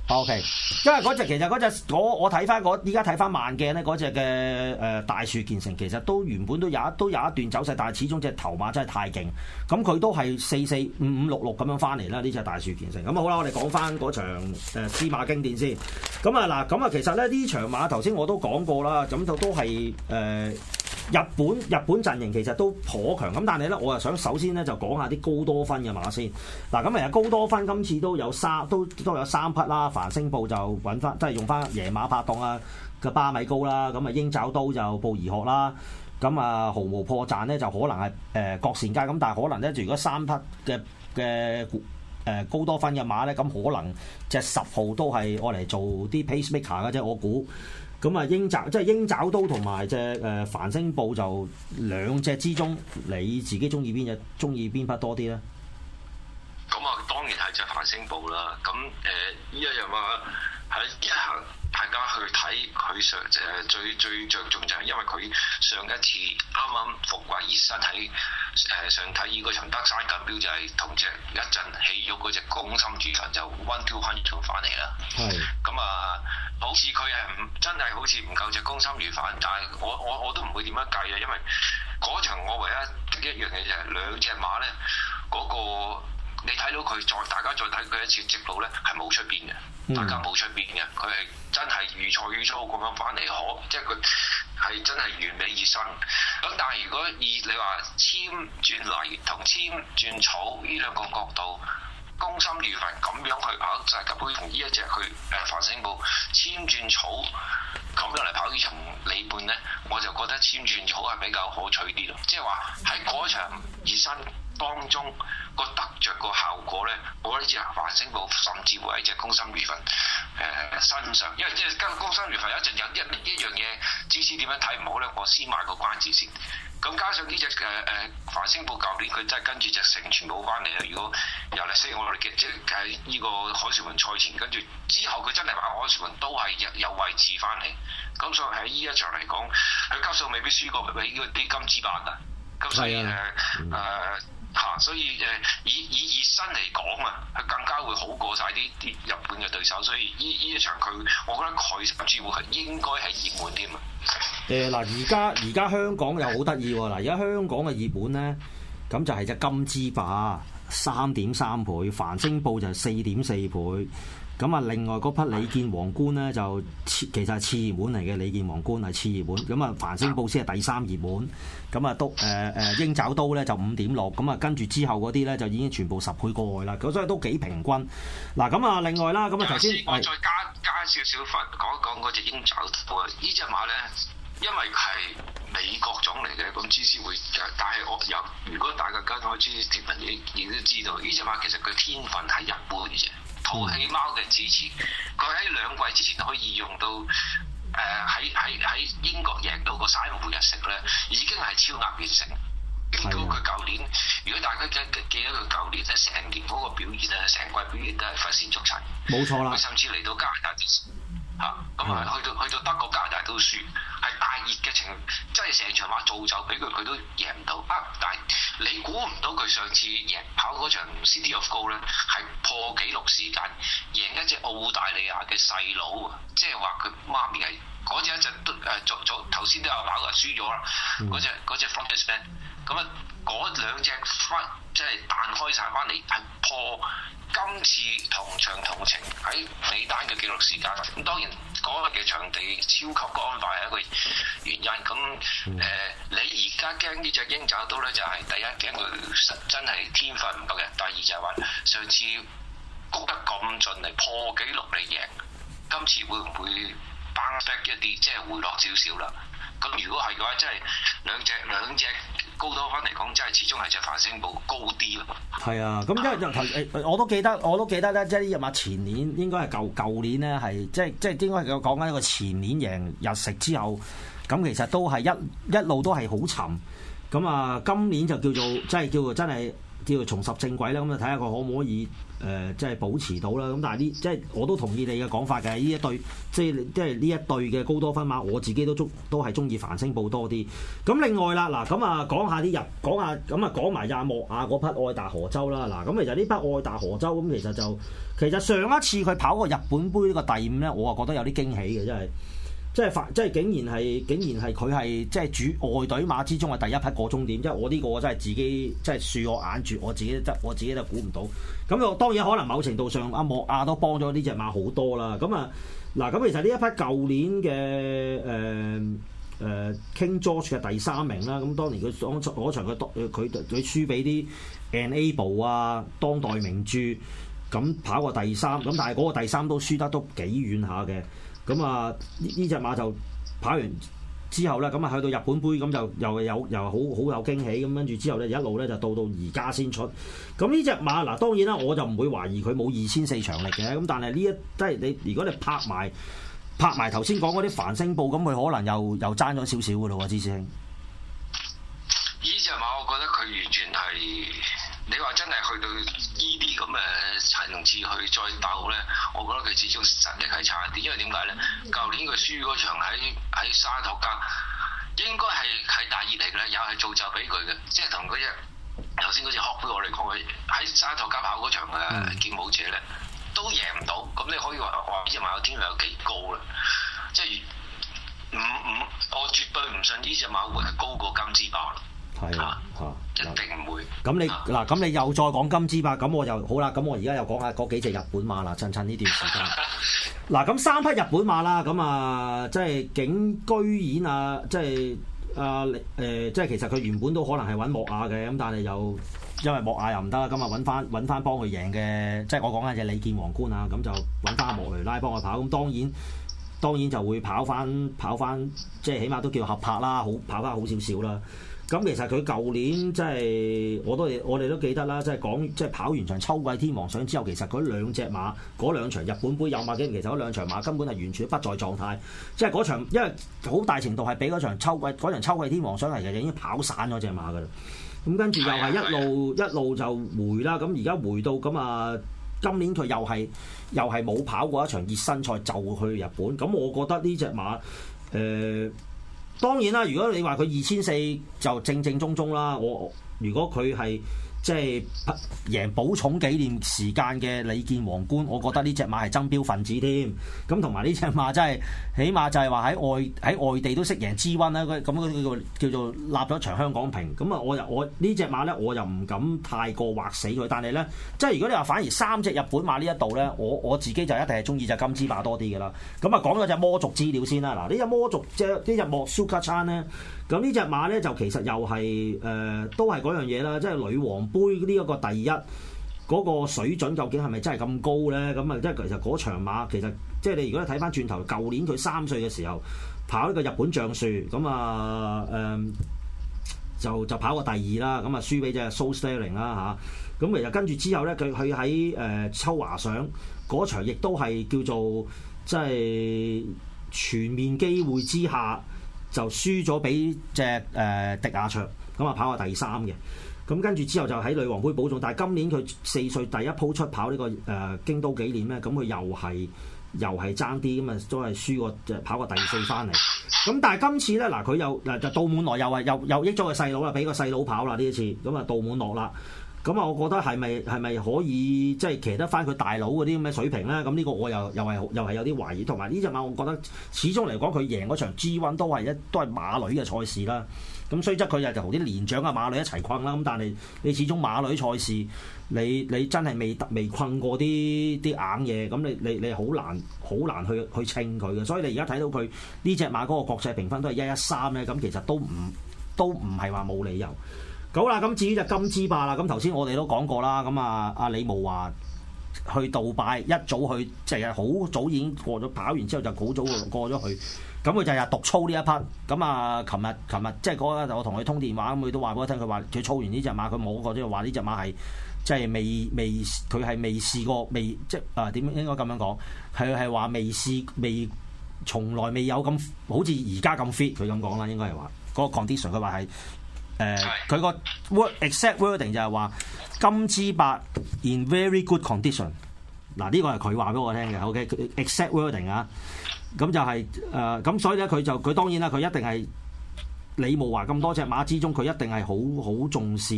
O、okay, K，因為嗰隻其實嗰隻，我我睇翻我依家睇翻慢鏡呢嗰隻嘅誒大樹建成其實都原本都有一都有一段走勢，但係始終隻頭馬真係太勁，咁佢都係四四五五六六咁樣翻嚟啦。呢隻大樹建成，咁啊好啦，我哋講翻嗰場司馬經典先。咁啊嗱，咁啊其實咧呢場馬頭先我都講過啦，咁就都係誒、呃、日本日本陣營其實都頗強，咁但係咧我又想首先咧就講下啲高多芬嘅馬先。嗱，咁其實高多芬今次都有沙都都有。三匹啦，繁星布就搵翻，即係用翻野馬拍檔啊嘅巴米高啦，咁啊鷹爪刀就布怡殼啦，咁啊毫無破綻咧就可能係誒角善界。咁但係可能咧，如果三匹嘅嘅誒高多芬嘅馬咧，咁可能隻十號都係我嚟，做啲 pace maker 嘅啫，我估，咁啊鷹爪即係鷹爪刀同埋隻誒繁星布就兩隻之中，你自己中意邊隻中意邊匹多啲咧？咁啊、嗯，當然係隻繁星報啦。咁、嗯、誒，呢一樣啊，喺一行大家去睇佢上誒最最著重就係因為佢上一次啱啱復課熱身喺誒上睇，依個陳德山錦標就係同隻一陣起鬱嗰隻公心主神就 One Two Control 返嚟啦。咁啊，好似佢係唔真係好似唔夠隻公心魚粉，但係我我我都唔會點樣計啊，因為嗰場我唯一一樣嘢就係兩隻馬咧嗰、嗰個。你睇到佢再，大家再睇佢一次直路咧，係冇出邊嘅，大家冇出邊嘅，佢係真係如菜如草咁樣翻嚟，可即係佢係真係完美熱身。咁但係如果以你話籤轉泥同籤轉草呢兩個角度，攻心如焚咁樣去跑、啊、就，咁同呢一隻去誒繁星報籤轉草咁樣嚟跑呢程里半咧，我就覺得籤轉草係比較可取啲咯，即係話喺嗰場熱身。當中個得着個效果咧，我呢隻凡星報甚至乎喺隻公心月份誒身上，因為即係跟公心月份有一陣有一一樣嘢，即使點樣睇唔好咧，我先賣個關子先。咁加上呢隻誒誒凡星報，舊年佢真係跟住隻成全部翻嚟啦。如果由嚟識我哋嘅，即係呢個海事門賽前跟住之後，佢真係話海事門都係有位置翻嚟。咁所以喺呢一場嚟講，佢級數未必輸過俾呢個金之覇啦。咁所以誒誒。呃嚇、啊！所以誒，以以熱身嚟講啊，佢更加會好過晒啲啲日本嘅對手，所以呢依一場佢，我覺得佢甚至乎係應該係熱門添啊！誒嗱、呃，而家而家香港又好得意喎！嗱，而家香港嘅熱門咧，咁就係隻金之霸，三點三倍，繁星報就係四點四倍。咁啊，另外嗰匹李健皇冠咧就，其實係次熱門嚟嘅，李健皇冠係次熱門。咁啊，繁星報銷係第三熱門。咁啊，都誒誒，鷹爪刀咧就五點六。咁啊，跟住之後嗰啲咧就已經全部十倍過外啦。咁所以都幾平均。嗱，咁啊，另外啦，咁啊，頭先我再加加少少分，講一講嗰隻鷹爪呢隻馬咧，因為係美國種嚟嘅，咁芝士會，但係我有，如果大家跟日知，始接你都知道，呢隻馬其實佢天分係一般嘅。淘氣貓嘅支持，佢喺兩季之前可以用到，誒喺喺喺英國贏到個沙姆每日食咧，已經係超額完成。到佢舊年，如果大家記記得佢舊年咧，成年嗰個表現咧，成季表現都係發線足齊，冇錯啦，甚至嚟到加拿大。嚇！咁 啊，去到去到德國、加拿大都輸，係大熱嘅情，即係成場話造就俾佢，佢都贏唔到啊！但係你估唔到佢上次贏跑嗰場 City of Gold 咧，係破紀錄時間贏一隻澳大利亞嘅細佬，即係話佢媽咪係。嗰隻一陣都誒，早早頭先都有話輸咗啦。嗰隻嗰隻 fundus 呢？咁啊、那個，嗰、那個、兩隻翻即係彈開晒翻嚟，係破今次同場同情喺尾單嘅紀錄時間。咁當然嗰日嘅場地超級乾快係一個原因。咁誒、呃，你而家驚呢隻鷹找到咧，就係、是、第一驚佢真係天分唔夠嘅，第二就係、是、話上次谷得咁盡嚟破紀錄嚟贏，今次會唔會？b o 一啲，即係回落少少啦。咁如果係嘅話，即係兩隻兩隻高多翻嚟講，即係始終係隻凡星部高啲咯。係 啊，咁因為我都記得，我都記得咧，即係入馬前年，應該係舊舊年咧，係即係即係應該係講緊一個前年贏日食之後，咁其實都係一一路都係好沉。咁啊，今年就叫做即係叫做真係叫做重拾正軌啦。咁就睇下佢可唔可以？誒、呃，即係保持到啦。咁但係呢，即係我都同意你嘅講法嘅。呢一對，即係即係呢一對嘅高多分馬，我自己都鍾，都係鍾意繁星報多啲。咁另外啦，嗱，咁啊講下啲日，講下咁啊講埋亞莫亞嗰匹愛達荷州啦。嗱，咁其實呢匹愛達荷州咁，其實就其實上一次佢跑過日本杯個第五咧，我啊覺得有啲驚喜嘅，真係。即係即係竟然係，竟然係佢係即係主外隊馬之中啊第一匹過終點。即係我呢個我真，真係自己即係恕我眼住我自己，得我自己都估唔到。咁又當然可能某程度上阿、啊、莫亞都幫咗呢隻馬好多啦。咁啊嗱，咁其實呢一匹舊年嘅誒誒 King George 嘅第三名啦。咁當年佢當嗰場佢當佢佢輸俾啲 Enable 啊，當代名著咁跑過第三。咁但係嗰個第三都輸得都幾遠下嘅。咁啊，呢呢隻馬就跑完之後咧，咁啊去到日本杯咁就又有又好好有驚喜，咁跟住之後咧，一路咧就到到而家先出。咁呢隻馬嗱，當然啦，我就唔會懷疑佢冇二千四場力嘅。咁但係呢一即係你，如果你拍埋拍埋頭先講嗰啲繁星報，咁佢可能又又爭咗少少噶咯喎，芝師兄。你話真係去到依啲咁嘅層次去再鬥咧，我覺得佢始終實力係差啲，因為點解咧？舊年佢輸嗰場喺喺沙頭家，應該係係大熱嚟嘅，又係造就俾佢嘅，即係同嗰隻頭先嗰隻學貝我哋講，佢喺沙頭家跑嗰場嘅見好者咧，都贏唔到。咁你可以話話呢隻馬嘅天量有幾高咧？即係五五，我絕對唔信呢隻馬會高過金之覇啦。啊， 一定唔會。咁、啊、你嗱，咁你又再講金枝吧？咁我又好啦。咁我而家又講下嗰幾隻日本馬啦。趁趁呢段時間。嗱， 咁三匹日本馬啦。咁啊，即係景居演啊，呃、即係阿李，即係其實佢原本都可能係揾莫亞嘅。咁但係又因為莫亞又唔得啦，咁啊揾翻揾翻幫佢贏嘅，即係我講緊隻李健王冠啊。咁、嗯、就揾翻阿莫雷拉幫佢跑。咁當然當然就會跑翻跑翻，即係起碼都叫合拍啦，好跑翻好少少啦。咁其實佢舊年即係、就是、我都我哋都記得啦，即係講即係跑完場秋季天皇賞之後，其實嗰兩隻馬嗰兩場日本杯、有馬記念。其實嗰兩場馬根本係完全不在狀態，即係嗰場因為好大程度係畀嗰場，場秋季嗰秋季天皇賞嚟，其實已經跑散咗隻馬噶啦。咁跟住又係一路 一路就回啦。咁而家回到咁啊，今年佢又係又係冇跑過一場熱身賽就去日本。咁我覺得呢隻馬誒。呃當然啦，如果你話佢二千四就正正宗宗啦，我如果佢係。即係贏寶塚紀念時間嘅李健皇冠，我覺得呢隻馬係爭標分子添。咁同埋呢隻馬真係，起碼就係話喺外喺外地都識贏 G1 啦。咁樣叫做叫做立咗場香港瓶。咁啊，我又我呢隻馬咧，我又唔敢太過畫死佢。但係咧，即係如果你話反而三隻日本馬一呢一度咧，我我自己就一定係中意隻金之霸多啲㗎啦。咁啊，講咗隻魔族資料先啦。嗱，呢隻魔族即係啲日莫蘇卡餐咧。咁呢隻馬咧就其實又係誒都係嗰樣嘢啦，即係女王杯呢一個第一嗰個水準究竟係咪真係咁高咧？咁啊，即係其實嗰場馬其實即係你如果睇翻轉頭，舊年佢三歲嘅時候跑呢個日本橡樹，咁啊誒、呃、就就跑過第二啦，咁啊輸俾隻 Soul Stirring 啦嚇。咁其實跟住之後咧，佢佢喺誒秋華上嗰場亦都係叫做即係全面機會之下。就輸咗俾隻誒迪亞卓，咁啊跑個第三嘅，咁跟住之後就喺女王杯保重，但係今年佢四歲第一鋪出跑呢、這個誒、呃、京都紀念咧，咁佢又係又係爭啲，咁啊都係輸個即跑個第四翻嚟，咁但係今次咧嗱佢又嗱就杜滿萊又啊又又益咗個細佬啦，俾、啊、個細佬跑啦呢一次，咁啊杜滿樂啦。咁啊、嗯，我覺得係咪係咪可以即係騎得翻佢大佬嗰啲咁嘅水平咧？咁、嗯、呢、呢個我又又係又係有啲懷疑。同埋呢隻馬，我覺得始終嚟講佢贏嗰場 G1 都係一都係馬女嘅賽事啦。咁雖則佢日就同啲年長啊馬女一齊困啦。咁但係你，你始終馬女賽事，你你真係未未困過啲啲硬嘢，咁你你你好難好難去去稱佢嘅。所以你而家睇到佢呢隻馬嗰個國際評分都係一一三咧，咁其實都唔都唔係話冇理由。好啦，咁至於就金之霸啦。咁頭先我哋都講過啦。咁啊，阿李慕華去杜拜，一早去，即係好早已經過咗，跑完之後就好早過咗去。咁佢就日獨操呢一 part。咁啊，琴日琴日即係嗰日，就是、我同佢通電話，咁佢都話俾我聽。佢話佢操完呢隻馬，佢冇過，即係話呢隻馬係即係未未，佢係未試過未，即係啊點應該咁樣講？佢係話未試，未從來未有咁，好似而家咁 fit。佢咁講啦，應該係話嗰個 condition，佢話係。誒，佢個 w o exact wording 就係話金之覇 in very good condition。嗱、啊，呢、這個係佢話俾我聽嘅。OK，佢 exact wording 啊，咁就係、是、誒，咁、呃、所以咧，佢就佢當然啦，佢一定係李慕華咁多隻馬之中，佢一定係好好重視，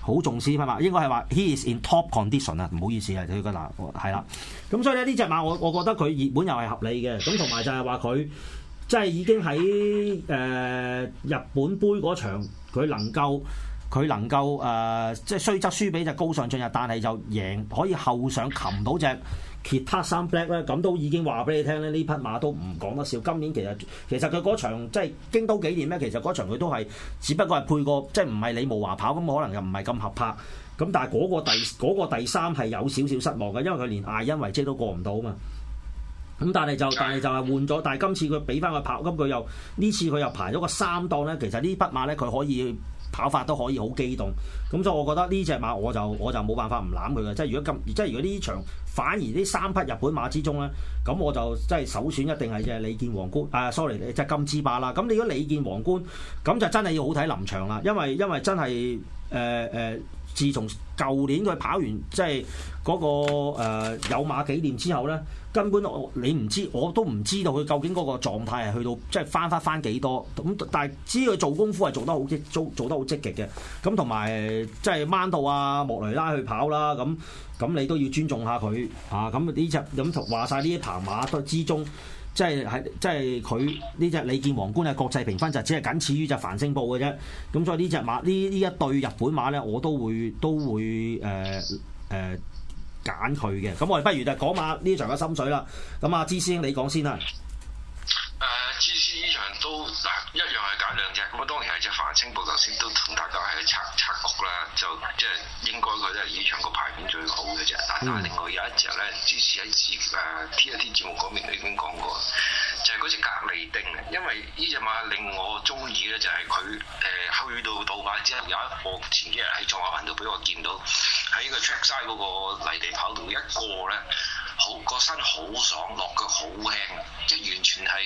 好重視啊嘛。應該係話 he is in top condition 啊。唔好意思啊，佢嗱係啦。咁所以咧，呢隻馬我我覺得佢熱門又係合理嘅。咁同埋就係話佢。即係已經喺誒、呃、日本杯嗰場，佢能夠佢能夠誒，即、呃、係雖則輸俾隻高尚進入，但係就贏可以後上擒到隻 Kitasan Black 咧，咁都已經話俾你聽咧，呢匹馬都唔講得笑。今年其實其實佢嗰場即係京都紀念咧，其實嗰場佢都係，只不過係配個即係唔係李慕華跑咁，可能又唔係咁合拍。咁但係嗰個第嗰、那個、第三係有少少失望嘅，因為佢連艾欣維車都過唔到啊嘛。咁但係就但係就係換咗，但係今次佢俾翻佢跑，咁佢又呢次佢又排咗個三檔咧。其實呢匹馬咧，佢可以跑法都可以好機動。咁所以，我覺得呢隻馬我就我就冇辦法唔攬佢嘅。即係如果今即係如果呢場反而呢三匹日本馬之中咧，咁我就即係首選一定係隻李健皇冠。啊，sorry，就金之覇啦。咁你如果李健皇冠，咁就真係要好睇臨場啦。因為因為真係誒誒。呃呃自從舊年佢跑完即係嗰個、呃、有馬紀念之後咧，根本我你唔知我都唔知道佢究竟嗰個狀態係去到即係翻翻翻幾多咁，但係知佢做功夫係做得好積做，做得好積極嘅。咁同埋即係馬道啊、莫雷拉去跑啦，咁咁你都要尊重下佢嚇。咁呢隻咁話晒呢一棚馬都之中。即係喺，即係佢呢隻李健皇冠嘅國際評分就只係僅次於隻繁星報嘅啫。咁所以呢隻馬，呢呢一對日本馬咧，我都會都會誒誒揀佢嘅。咁、呃呃、我哋不如就講下呢場嘅心水啦。咁啊，芝師兄你講先啦。市場都嗱一樣係揀兩隻，咁啊當然係隻繁清布，頭先都同大家係去拆拆局啦，就即係應該佢都係市場個牌面最好嘅啫。但係、嗯、另外有一隻咧，之前喺節誒 T A T 節目嗰邊已經講過，就係嗰隻隔籬丁啊，因為呢隻馬令我中意咧就係佢誒去到倒擺之後有一個前幾日喺賽馬頻道俾我見到喺個 Trackside 嗰個泥地跑道一過咧，好個身好爽，落腳好輕，即係完全係，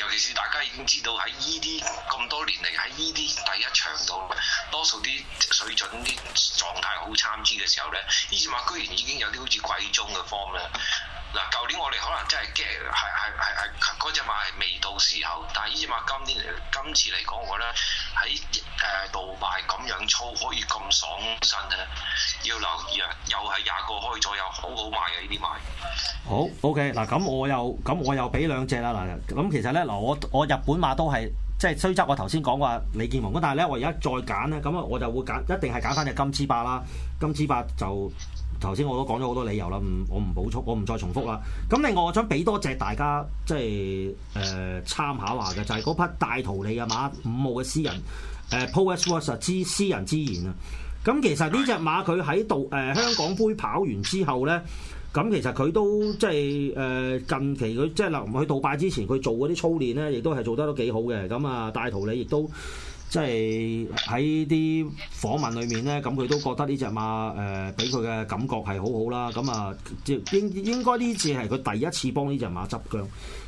尤其是大。大家已經知道喺依啲咁多年嚟，喺依啲第一場度，多數啲水準、啲狀態好參差嘅時候咧，呢次話居然已經有啲好似貴中嘅 form 啦。嗱，舊年我哋可能真係驚，係係係係嗰隻馬係未到時候，但係呢隻馬今年今次嚟講，我咧喺誒度賣咁樣操可以咁爽身咧，要留意啊！又係廿個開咗，又好好賣嘅呢啲馬。好，OK，嗱咁我又咁我又俾兩隻啦，嗱咁其實咧嗱，我我日本馬都係即係雖則我頭先講話李建宏咁，但係咧我而家再揀咧，咁啊我就會揀一定係揀翻隻金之霸啦，金之霸就。頭先我都講咗好多理由啦，唔我唔補充，我唔再重複啦。咁另外我想俾多隻大家即係誒、呃、參考下嘅，就係、是、嗰匹大圖利啊馬五號嘅私人誒 Poet Water 之私人之言啊。咁、嗯、其實呢隻馬佢喺度誒香港杯跑完之後咧，咁、嗯、其實佢都即係誒近期佢即係嗱、呃、去杜拜之前佢做嗰啲操練咧，亦都係做得都幾好嘅。咁、嗯、啊大圖利亦都。即係喺啲訪問裏面呢，咁佢都覺得呢隻馬誒，俾佢嘅感覺係好好啦。咁啊，即應應該呢次係佢第一次幫呢隻馬執韁。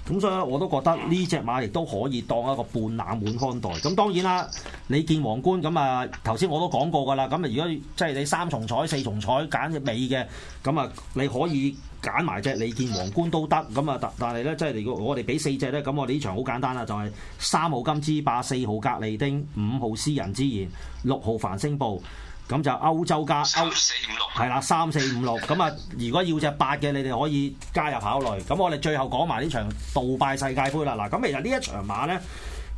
咁所以咧，我都覺得呢隻馬亦都可以當一個半冷門看待。咁當然啦，你見皇冠咁啊，頭先我都講過㗎啦。咁啊，如果即係你三重彩、四重彩揀隻尾嘅，咁啊你可以揀埋隻你見皇冠都得。咁啊，但但係咧，即係如果我哋俾四隻咧，咁我呢場好簡單啦，就係、是、三號金之霸、四號格利丁、五號私人之言、六號繁星布。咁就歐洲加歐，四五六，係啦，三四五六，咁啊 如果要隻八嘅，你哋可以加入考慮。咁我哋最後講埋呢場杜拜世界盃啦。嗱，咁其實呢一場馬呢，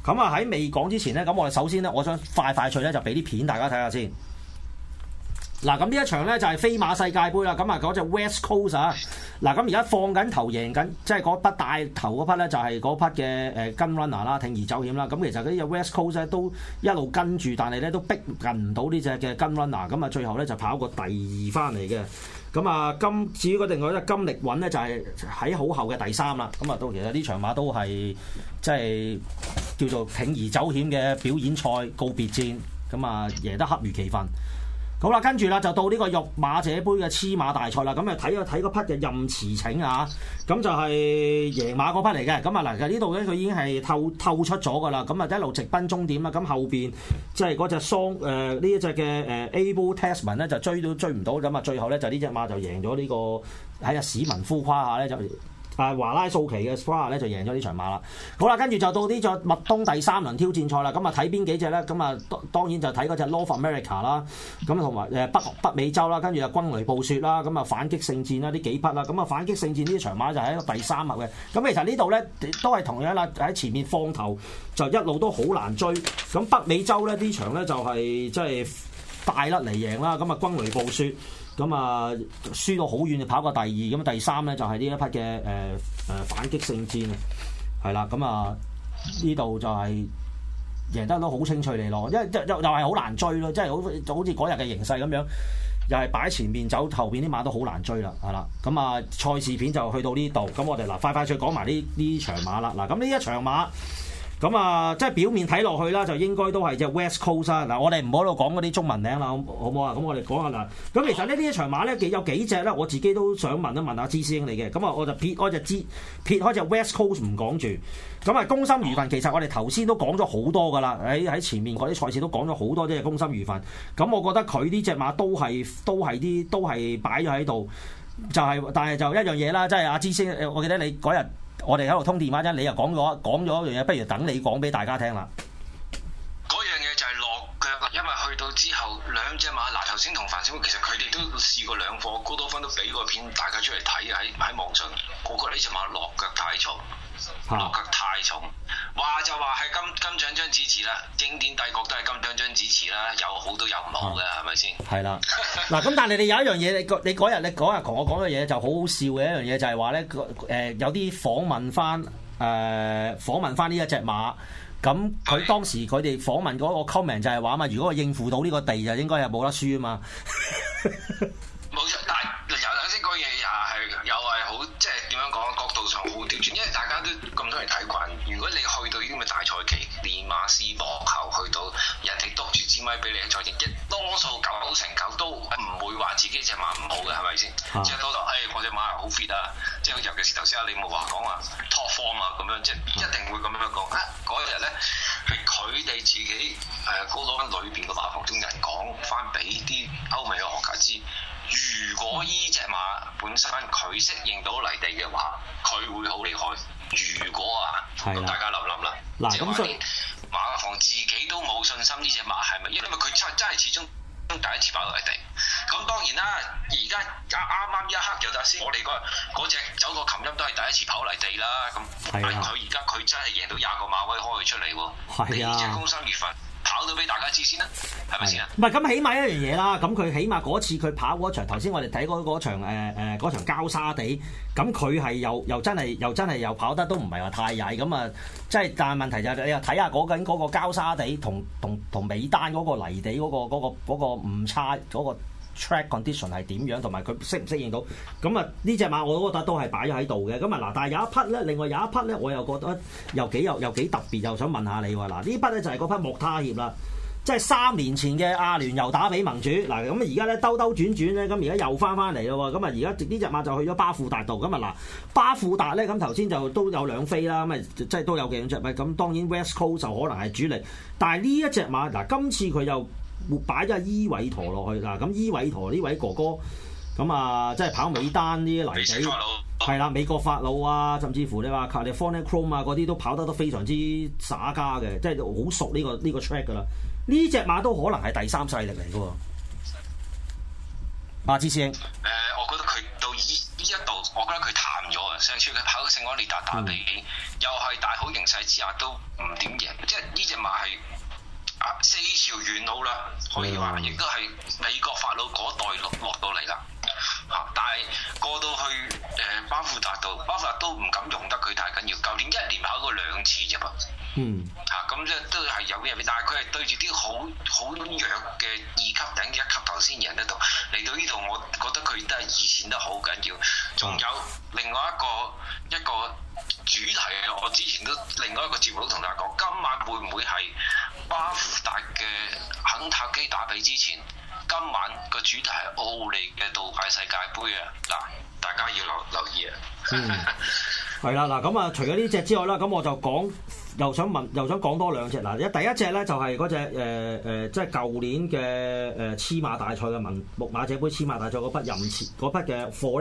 咁啊喺未講之前呢，咁我哋首先呢，我想快快脆呢，就俾啲片大家睇下先。嗱，咁呢一場咧就係飛馬世界盃啦，咁啊嗰隻 West Coast 啊，嗱，咁而家放緊頭贏緊，即係嗰筆大頭嗰筆咧就係嗰筆嘅誒 Gun Runner 啦，鋌而走險啦，咁其實嗰隻 West Coast 咧都一路跟住，但係咧都逼近唔到呢隻嘅 Gun Runner，咁啊最後咧就跑過第二返嚟嘅，咁啊金至於嗰另外一金力穩呢，就係喺好後嘅第三啦，咁啊到其實呢場馬都係即係叫做鋌而走險嘅表演賽告別戰，咁啊贏得恰如其分。好啦，跟住啦，就到呢個育馬者杯嘅雌馬大賽啦。咁啊睇個睇個匹嘅任馳騁啊，咁就係贏馬嗰匹嚟嘅。咁啊嗱，呢度咧佢已經係透透出咗噶啦。咁啊一路直，直奔終點啦。咁後邊即係嗰隻桑呢、呃、一隻嘅誒、呃、Able Tasman 咧就追都追唔到咁啊。最後咧就呢隻馬就贏咗呢、這個喺啊、哎、市民呼誇下咧就。啊，華拉素奇嘅 Spar 呢就贏咗呢場馬啦。好啦，跟住就到呢隻麥東第三輪挑戰賽啦。咁啊睇邊幾隻咧？咁啊，當當然就睇嗰隻 Law of America 啦。咁同埋誒北北美洲啦，跟住啊，軍雷暴雪啦，咁啊，反擊勝戰啦，呢幾匹啦。咁啊，反擊勝戰呢啲場馬就喺一個第三日嘅。咁其實呢度咧都係同樣啦，喺前面放頭就一路都好難追。咁北美洲咧呢場咧就係即係大甩嚟贏啦。咁啊，軍雷暴雪。咁啊，輸到好遠就跑過第二，咁第三咧就係、是、呢一匹嘅誒誒反擊勝戰啊，係啦、就是，咁啊呢度就係贏得都好清脆嚟咯，因為又又係好難追咯，即係好好似嗰日嘅形勢咁樣，又係擺前面走後邊啲馬都好難追啦，係啦，咁啊賽事片就去到呢度，咁我哋嗱快快脆講埋呢呢場馬啦，嗱咁呢一場馬。咁啊、嗯，即係表面睇落去啦，就應該都係隻 West Coast 啦。嗱，我哋唔好喺度講嗰啲中文名啦，好唔好啊？咁、嗯、我哋講下嗱，咁、嗯、其實咧呢一場馬咧有幾隻咧，我自己都想問一問阿芝師兄你嘅。咁、嗯、啊，我就撇開隻芝撇開隻 West Coast 唔講住。咁、嗯、啊，公心如焚。其實我哋頭先都講咗好多噶啦，喺喺前面嗰啲賽事都講咗好多，啲、嗯，係公心如焚。咁我覺得佢呢隻馬都係都係啲都係擺咗喺度，就係、係、但係就一樣嘢啦，即係阿芝師兄，我記得你嗰日。我哋喺度通電話，啫，你又講咗講咗一樣嘢，不如等你講俾大家聽啦。嗰樣嘢就係落腳，因為去到之後兩隻馬，嗱頭先同樊先生其實佢哋都試過兩課，高多芬都俾個片大家出嚟睇喺喺網上，我覺得呢隻馬落腳太重。落、啊、腳太重，話就話係金金獎章子持啦，經典帝國都係金獎章子持啦，有好都有唔好嘅，係咪先？係啦。嗱、啊，咁、 啊、但係你有一樣嘢，你你嗰日你嗰日同我講嘅嘢就好好笑嘅一樣嘢，就係話咧，誒有啲訪問翻誒、呃、訪問翻呢一隻馬，咁佢當時佢哋訪問嗰個 comment 就係話啊嘛，如果我應付到呢個地，就應該係冇得輸啊嘛。 連馬師博球去到人哋篤住支咪俾你喺賽前，一多數九成九都唔會話自己隻馬唔好嘅，係咪先？嗯、即係多到，哎，我隻馬好 fit 啊！即係尤其是頭先啊，你冇話講話 top form 啊咁樣，即係一定會咁樣講啊！嗰日咧係佢哋自己誒高佬裏邊嘅馬房中人講翻俾啲歐美嘅學家知，如果依隻馬本身佢適應到泥地嘅話，佢會好厲害。如果的想想啊，咁大家諗諗啦，即係話馬房自己都冇信心呢隻馬，係咪？因為佢真真係始終第一次跑嚟地。咁當然啦，而家啱啱一刻就頭先，我哋個嗰隻走過琴音都係第一次跑嚟地啦。咁佢而家佢真係贏到廿個馬威開佢出嚟喎。的第二隻月份。搞到俾大家知先啦，係咪先啊？唔係咁，起碼一樣嘢啦。咁佢起碼嗰次佢跑嗰場，頭先我哋睇嗰嗰場誒誒嗰場膠沙地，咁佢係又又真係又真係又跑得都唔係話太曳，咁啊，即係但係問題就係、是、你又睇下嗰緊嗰個膠沙地同同同尾單嗰個泥地嗰、嗰個嗰、嗰個嗰、嗰個、誤差嗰、嗰個 Track condition 係點樣，同埋佢適唔適應到？咁啊，呢隻馬我都覺得都係擺咗喺度嘅。咁啊嗱，但係有一匹咧，另外有一匹咧，我又覺得又幾有又幾特別，又想問，問下你喎。嗱，呢匹咧就係嗰匹莫他協啦，即係三年前嘅阿聯酋打吡盟主嗱。咁啊而家咧兜兜轉轉咧，咁而家又翻翻嚟咯。咁啊而家呢隻馬就去咗巴富達度。咁啊嗱，巴富達咧，咁頭先就都有兩飛啦。咁啊，即係都有幾隻咪咁，當然 West Coast 就可能係主力。但係呢一隻馬嗱，今次佢又～活擺咗伊偉陀落去嗱，咁伊偉陀呢位哥哥咁啊，即係跑尾單啲泥仔，係啦、啊，美國法老啊，甚至乎你話 California Chrome 啊嗰啲都跑得都非常之耍家嘅，即係好熟呢、呢個呢、呢個 track 噶啦。呢隻馬都可能係第三勢力嚟嘅。阿志、嗯、師兄，誒、呃，我覺得佢到呢依一度，我覺得佢淡咗啊。上次佢跑聖安利達達比，又係大好形勢之下都唔點贏，即係呢隻馬係。四朝元老啦，可以話，亦都係美國法老嗰代落落到嚟啦。嚇，但係過到去誒巴富達度，巴富達都唔敢用得佢太緊要，舊年一年跑過兩次啫嘛，嗯，嚇、啊，咁即都係有啲咩？但係佢係對住啲好好弱嘅二級頂一級頭先贏得到，嚟到呢度我覺得佢都係以前都好緊要。仲有另外一個、嗯、一個。主題啊！我之前都另外一個節目都同大家講，今晚會唔會係巴富達嘅肯塔基打比之前？今晚個主題係奧利嘅杜拜世界杯啊！嗱，大家要留留意啊、嗯！係啦， 嗱，咁啊，除咗呢隻之外啦，咁我就講。又想問，又想講多兩隻嗱，一第一隻咧就係嗰隻誒誒，即係舊年嘅誒雌馬大賽嘅文木馬者杯雌馬大賽嗰筆任詞嗰筆嘅 Forever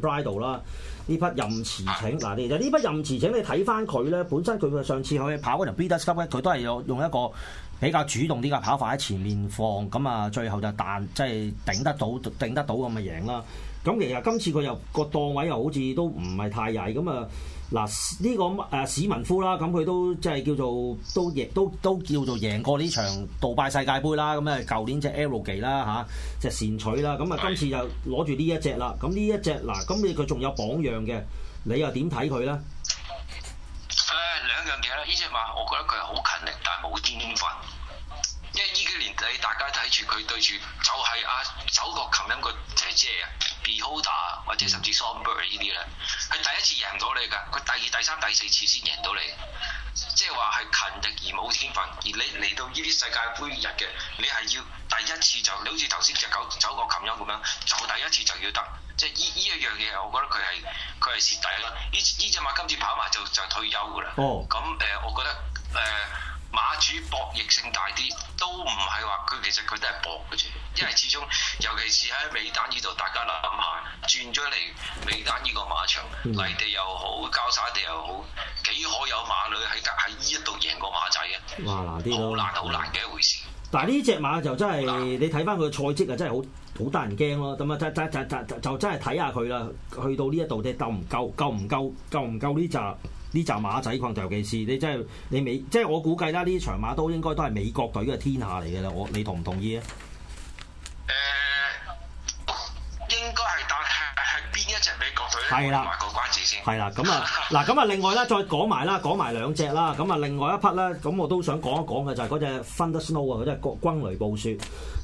Unbridled 啦，呢筆任詞請嗱，其實呢筆任詞請你睇翻佢咧，本身佢上次去跑嗰條 B Dutch Cup 咧，佢都係有用一個比較主動啲嘅跑法喺前面放，咁啊最後就彈即係頂得到頂得到咁啊贏啦。咁其實今次佢又個檔位又好似都唔係太曳咁啊。嗱呢、啊這個誒、啊、史文夫啦，咁、啊、佢都即係叫做都亦都都叫做贏過呢場杜拜世界盃啦，咁啊舊年隻 Elgir 啦嚇，隻善取啦，咁啊今次就攞住呢一隻啦，咁、啊、呢一隻嗱，咁你佢仲有榜樣嘅，你又點睇佢咧？誒兩、呃、樣嘢啦，呢隻馬我覺得佢係好勤力，但係冇天分。即係呢幾年你大家睇住佢對住，就係、是、啊酒鋼琴音個姐姐啊，Beholder 或者甚至 Songbird 呢啲咧，佢第一次贏到你㗎？佢第二、第三、第四次先贏到你，即係話係勤力而冇天份，而你嚟到呢啲世界盃日嘅，你係要第一次就你好似頭先隻狗走鋼琴音咁樣，就第一次就要得，即係呢呢一樣嘢、oh. 呃，我覺得佢係佢係蝕底啦。呢呢隻馬今次跑埋就就退休㗎啦。哦，咁誒，我覺得誒。馬主博弈性大啲，都唔係話佢其實佢都係搏嘅啫，因為始終，尤其是喺美丹呢度，大家諗下，轉咗嚟美丹呢個馬場，泥地又好，膠沙地又好，幾可有馬女喺喺呢一度贏過馬仔啊？哇！啲好難好難嘅一回事。但係呢隻馬就真係的你睇翻佢嘅賽績啊，真係好好得人驚咯。咁啊，就真係睇下佢啦。去到呢一度，你夠唔夠？夠唔夠？夠唔夠呢？隻？呢隻馬仔狂，尤其是你真係你美，即係我估計啦。呢場馬都應該都係美國隊嘅天下嚟嘅啦。我你同唔同意啊？誒、嗯，應該係，但係係邊一隻美國隊咧？係啦的，賣個的關子先。係啦，咁啊，嗱，咁啊，另外咧，再講埋啦，講埋兩隻啦。咁啊，另外一匹咧，咁我都想講一講嘅就係嗰隻 Thunder Snow 啊，即係軍雷暴雪。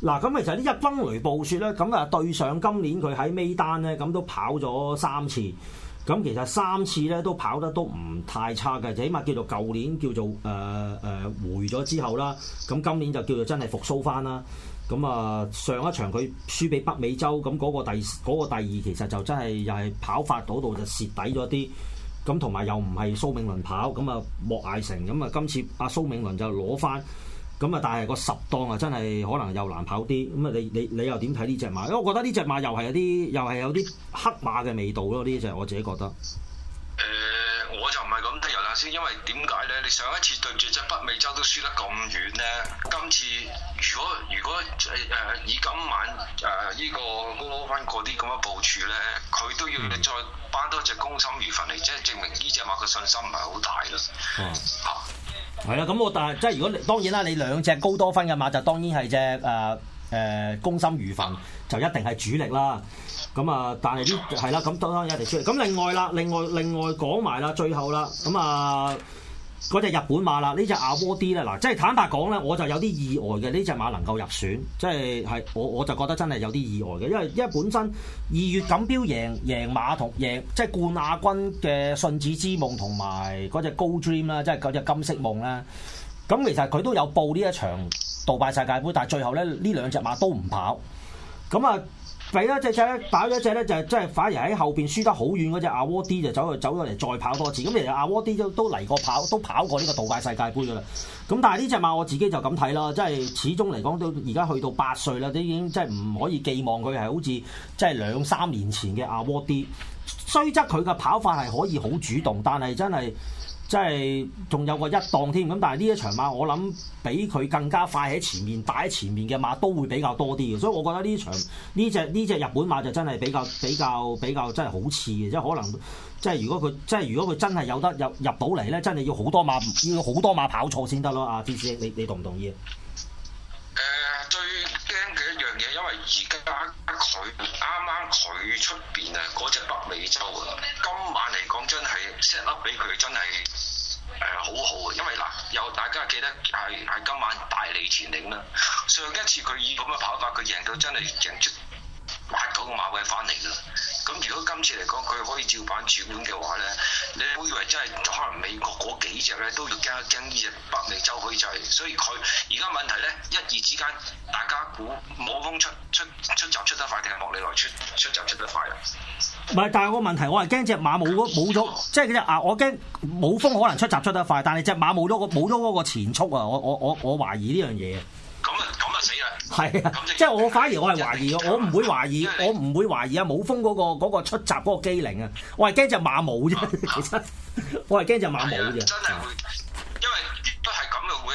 嗱，咁其實呢隻軍雷暴雪咧，咁啊對上今年佢喺尾單咧，咁都跑咗三次。咁其實三次咧都跑得都唔太差嘅，起碼叫做舊年叫做誒誒、呃呃、回咗之後啦，咁今年就叫做真係復甦翻啦。咁啊，上一場佢輸俾北美洲，咁嗰個第嗰、嗰個、第二其實就真係又係跑法嗰度就蝕底咗啲，咁同埋又唔係蘇銘倫跑，咁啊莫艾成，咁啊今次阿、啊、蘇銘倫就攞翻。咁啊，但係個十檔啊，真係可能又難跑啲。咁啊，你你你又點睇呢隻馬？因為我覺得呢隻馬又係有啲，又係有啲黑馬嘅味道咯。呢隻我自己覺得。誒、呃，我就唔係咁得油啦先，因為點解咧？你上一次對住隻北美洲都輸得咁遠咧，今次如果如果誒、呃、以今晚誒依、呃這個歐温嗰啲咁嘅部署咧，佢都要你再扳多隻攻心魚翻嚟，即係證明呢隻馬嘅信心唔係好大咯。嗯。啊係啦，咁、 嗯、我但係即係，如果當然啦，你兩隻高多分嘅馬就當然係隻誒誒攻心如焚，就一定係主力啦。咁、嗯、啊，但係呢係啦，咁等等一定出嚟。咁另外啦，另外另外講埋啦，最後啦，咁、嗯、啊。呃嗰隻日本馬啦，呢隻亞波 D 啦，嗱，即係坦白講咧，我就有啲意外嘅，呢隻馬能夠入選，即係係我我就覺得真係有啲意外嘅，因為因為本身二月錦標贏贏馬同贏即係冠亞軍嘅信子之夢同埋嗰隻 Gold Dream 啦，即係嗰隻，隻金色夢啦，咁其實佢都有報呢一場杜拜世界盃，但係最後咧呢兩隻馬都唔跑，咁啊。俾啦，只隻咧打咗隻咧就係真係反而喺後邊輸得好遠嗰隻阿沃啲就走去走咗嚟再跑多次，咁其實阿沃啲都都嚟過跑都跑過呢個杜拜世界盃噶啦，咁但係呢隻馬我自己就咁睇啦，即係始終嚟講都而家去到八歲啦，都已經即係唔可以寄望佢係好似即係兩三年前嘅阿沃啲，雖則佢嘅跑法係可以好主動，但係真係。即係仲有一個一檔添，咁但係呢一場馬我諗比佢更加快喺前面帶喺前面嘅馬都會比較多啲嘅，所以我覺得呢場呢隻呢隻日本馬就真係比較比較比較真係好似嘅。即係可能即係如果佢即係如果佢真係有得入入到嚟咧，真係要好多馬要好多馬跑錯先得咯，啊，Chief，你你同唔同意？因為而家佢啱啱佢出面啊，嗰隻北美洲啊，今晚嚟講真係 set up 俾佢真係誒、呃、好好啊！因為嗱，有大家記得係係今晚大利前領啦，上一次佢以咁嘅跑法，佢贏到真係贏出八九個馬位翻嚟㗎。咁如果今次嚟講，佢可以照板煮碗嘅話咧，你會以為真係可能美國嗰幾隻咧都要驚一驚呢隻北美洲區仔？所以佢而家問題咧一二之間，大家估冇風出出出閘出，出得快定係莫里來出出閘出，出得快啊？唔係，但係個問題，我係驚隻馬冇冇咗，即係嗰隻啊！我驚冇風可能出閘出得快，但係隻馬冇咗個冇咗嗰個前速啊！我我我我懷疑呢樣嘢。係啊，即係我反而我係懷疑，我唔會懷疑，我唔會懷疑啊！冇風嗰個出閘嗰個機靈啊，我係驚隻馬冇啫，其實我係驚隻馬冇啫。啊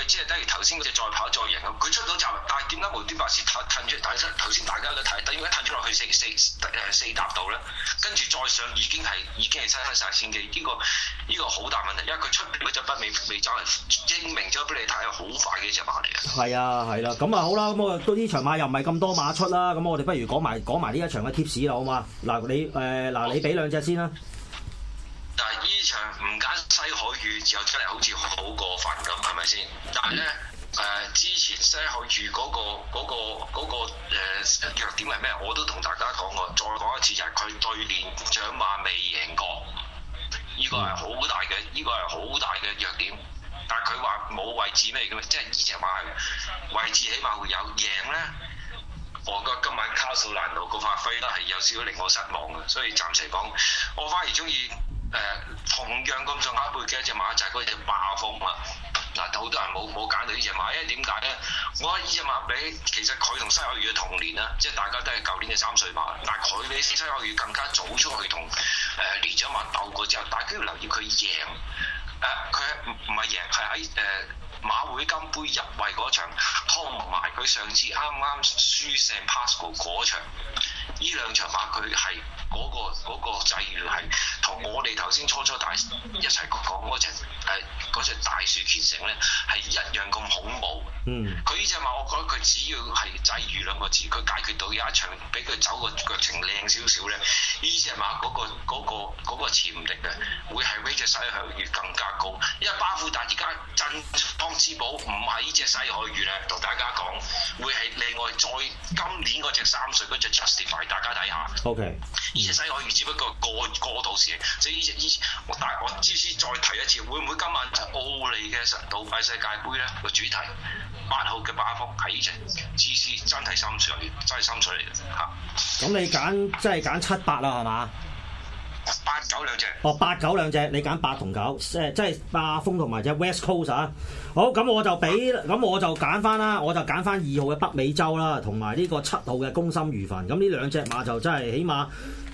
即係等於頭先嗰隻再跑再贏咁，佢出到閘，但係點解無端白事褪褪咗？大家頭先大家都睇，等於佢褪咗落去四四誒四笪度咧，跟住再上已經係已經係失去曬先機，呢、呢個呢、呢個好大問題，因為佢出邊嗰隻筆美未走，證明咗俾你睇、啊啊嗯，好快嘅一隻馬嚟。係、嗯、啊，係啦，咁啊好啦，咁啊，都呢場馬又唔係咁多馬出啦，咁我哋不如講埋講埋呢一場嘅貼士啦，好嘛？嗱，你誒嗱、呃，你俾兩隻先啦。但係呢場唔揀西海裕又真係好似好過分咁，係咪先？但係咧，誒、呃、之前西海裕嗰、嗰個嗰、嗰個、嗰個呃、弱點係咩？我都同大家講過，再講一次就係、係、佢對連掌馬未贏過，呢、呢個係好大嘅，呢、呢個係好大嘅弱點。但係佢話冇位置咩嘅咩，即係呢場馬係位置起碼會有贏咧。我覺得今晚卡素蘭奴個發揮都係有少少令我失望嘅，所以暫時講，我反而中意。誒、呃、同樣咁上下輩嘅一隻馬仔，就係嗰隻霸風啦。嗱、啊，好多人冇冇揀到呢隻馬，因為點解咧？我呢隻馬比其實佢同西海月嘅同年啦，即係大家都係舊年嘅三歲馬。但係佢比西海月更加早出去同誒年長馬鬥過之後，大家要留意佢贏誒，佢唔係贏係喺誒馬會金杯入圍嗰場，拖埋佢上次啱啱輸成 Pasco 嗰場，呢兩場馬佢係嗰個嗰、嗰個際遇係。那個同我哋頭先初初大一齊講嗰隻誒嗰隻大樹鉸成咧，係一樣咁恐怖。嗯，佢呢隻馬，我覺得佢只要係際遇兩個字，佢解決到有一場，俾佢走個腳程靚少少咧。呢隻馬嗰、嗰個嗰、嗰個嗰個潛力嘅，會係呢隻西海魚更加高。因為巴富達而家鎮邦之寶唔係呢隻西海魚咧，同大家講會係另外再今年嗰隻三歲嗰隻 Justify，大家睇下。O K。呢隻西海魚只不過過過渡時。即係依隻依，我但我芝芝再提一次，會唔會今晚奧利嘅神道拜世界盃咧個主題？八號嘅八福喺依隻芝芝真係心水，真係心水嚟嘅嚇。咁、啊嗯、你揀即係揀七八啦，係嘛？八九兩隻哦，八九兩隻，你揀八同九誒，即係八福同埋隻 West Coast 啊。好，咁我就俾咁，我就揀翻啦，我就揀翻二號嘅北美洲啦，同埋呢個七號嘅公心如焚。咁、嗯、呢、嗯、兩隻馬就真係起碼。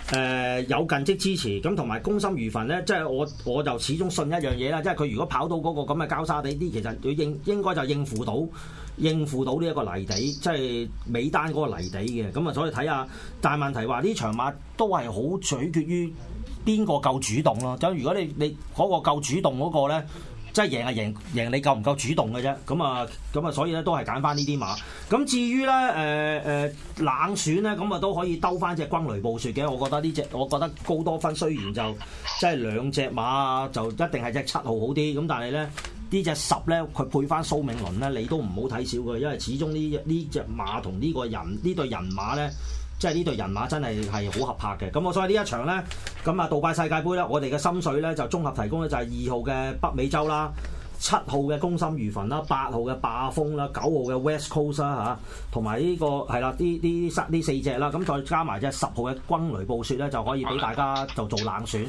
誒、呃、有近績支持，咁同埋攻心如焚呢，即係我我就始終信一樣嘢啦，即係佢如果跑到嗰個咁嘅膠沙地啲，其實佢應應該就應付到應付到呢一個泥地，即係尾單嗰個泥地嘅。咁啊，所以睇下，但係問題話呢場馬都係好取決於邊個夠主動咯。就如果你你嗰個夠主動嗰個咧。即係贏係贏，贏你夠唔夠主動嘅啫。咁啊，咁啊，所以咧都係揀翻呢啲馬。咁至於咧，誒、呃、誒、呃、冷選咧，咁啊都可以兜翻隻軍雷暴雪嘅。我覺得呢隻，我覺得高多芬，雖然就即係兩隻馬，就一定係隻七號好啲。咁但係咧，隻呢隻十咧，佢配翻蘇銘倫咧，你都唔好睇少佢，因為始終呢呢隻馬同呢個人，呢對人馬咧。即係呢隊人馬真係係好合拍嘅，咁我所以呢一場呢，咁啊杜拜世界盃咧，我哋嘅心水呢，就綜合提供咧就係二號嘅北美洲啦，七號嘅攻心如焚啦，八號嘅霸風啦，九號嘅 West Coast 啦嚇，同埋呢個係啦，呢呢呢四隻啦，咁再加埋即係十號嘅軍雷暴雪呢，就可以俾大家就做冷選。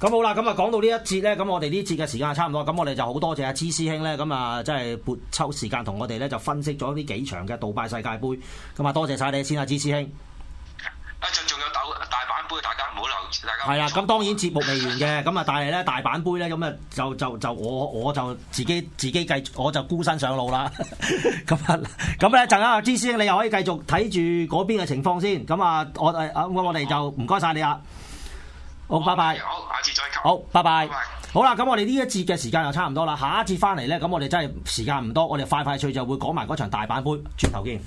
咁好啦的，咁啊講到呢一節呢，咁我哋呢節嘅時間差唔多，咁我哋就好多謝阿芝師兄呢。咁啊即係撥抽時間同我哋呢，就分析咗呢幾場嘅杜拜世界盃，咁啊多謝晒你先啊，芝師兄。一陣仲有豆大板杯，大家唔好留意。大家係啦，咁 當然節目未完嘅，咁啊，但係咧大板杯咧，咁啊就就就我我就自己自己繼，我就孤身上路啦。咁 啊， 咁咧陣間 G 師兄，你又可以繼續睇住嗰邊嘅情況先。咁啊，我誒咁我哋就唔該晒你啊。好，拜拜。好，下次再傾。好，拜拜。Bye bye。好啦，咁我哋呢一節嘅時間又差唔多啦。下一節翻嚟咧，咁我哋真係時間唔多，我哋快快脆就會講埋嗰場大板杯，轉頭見。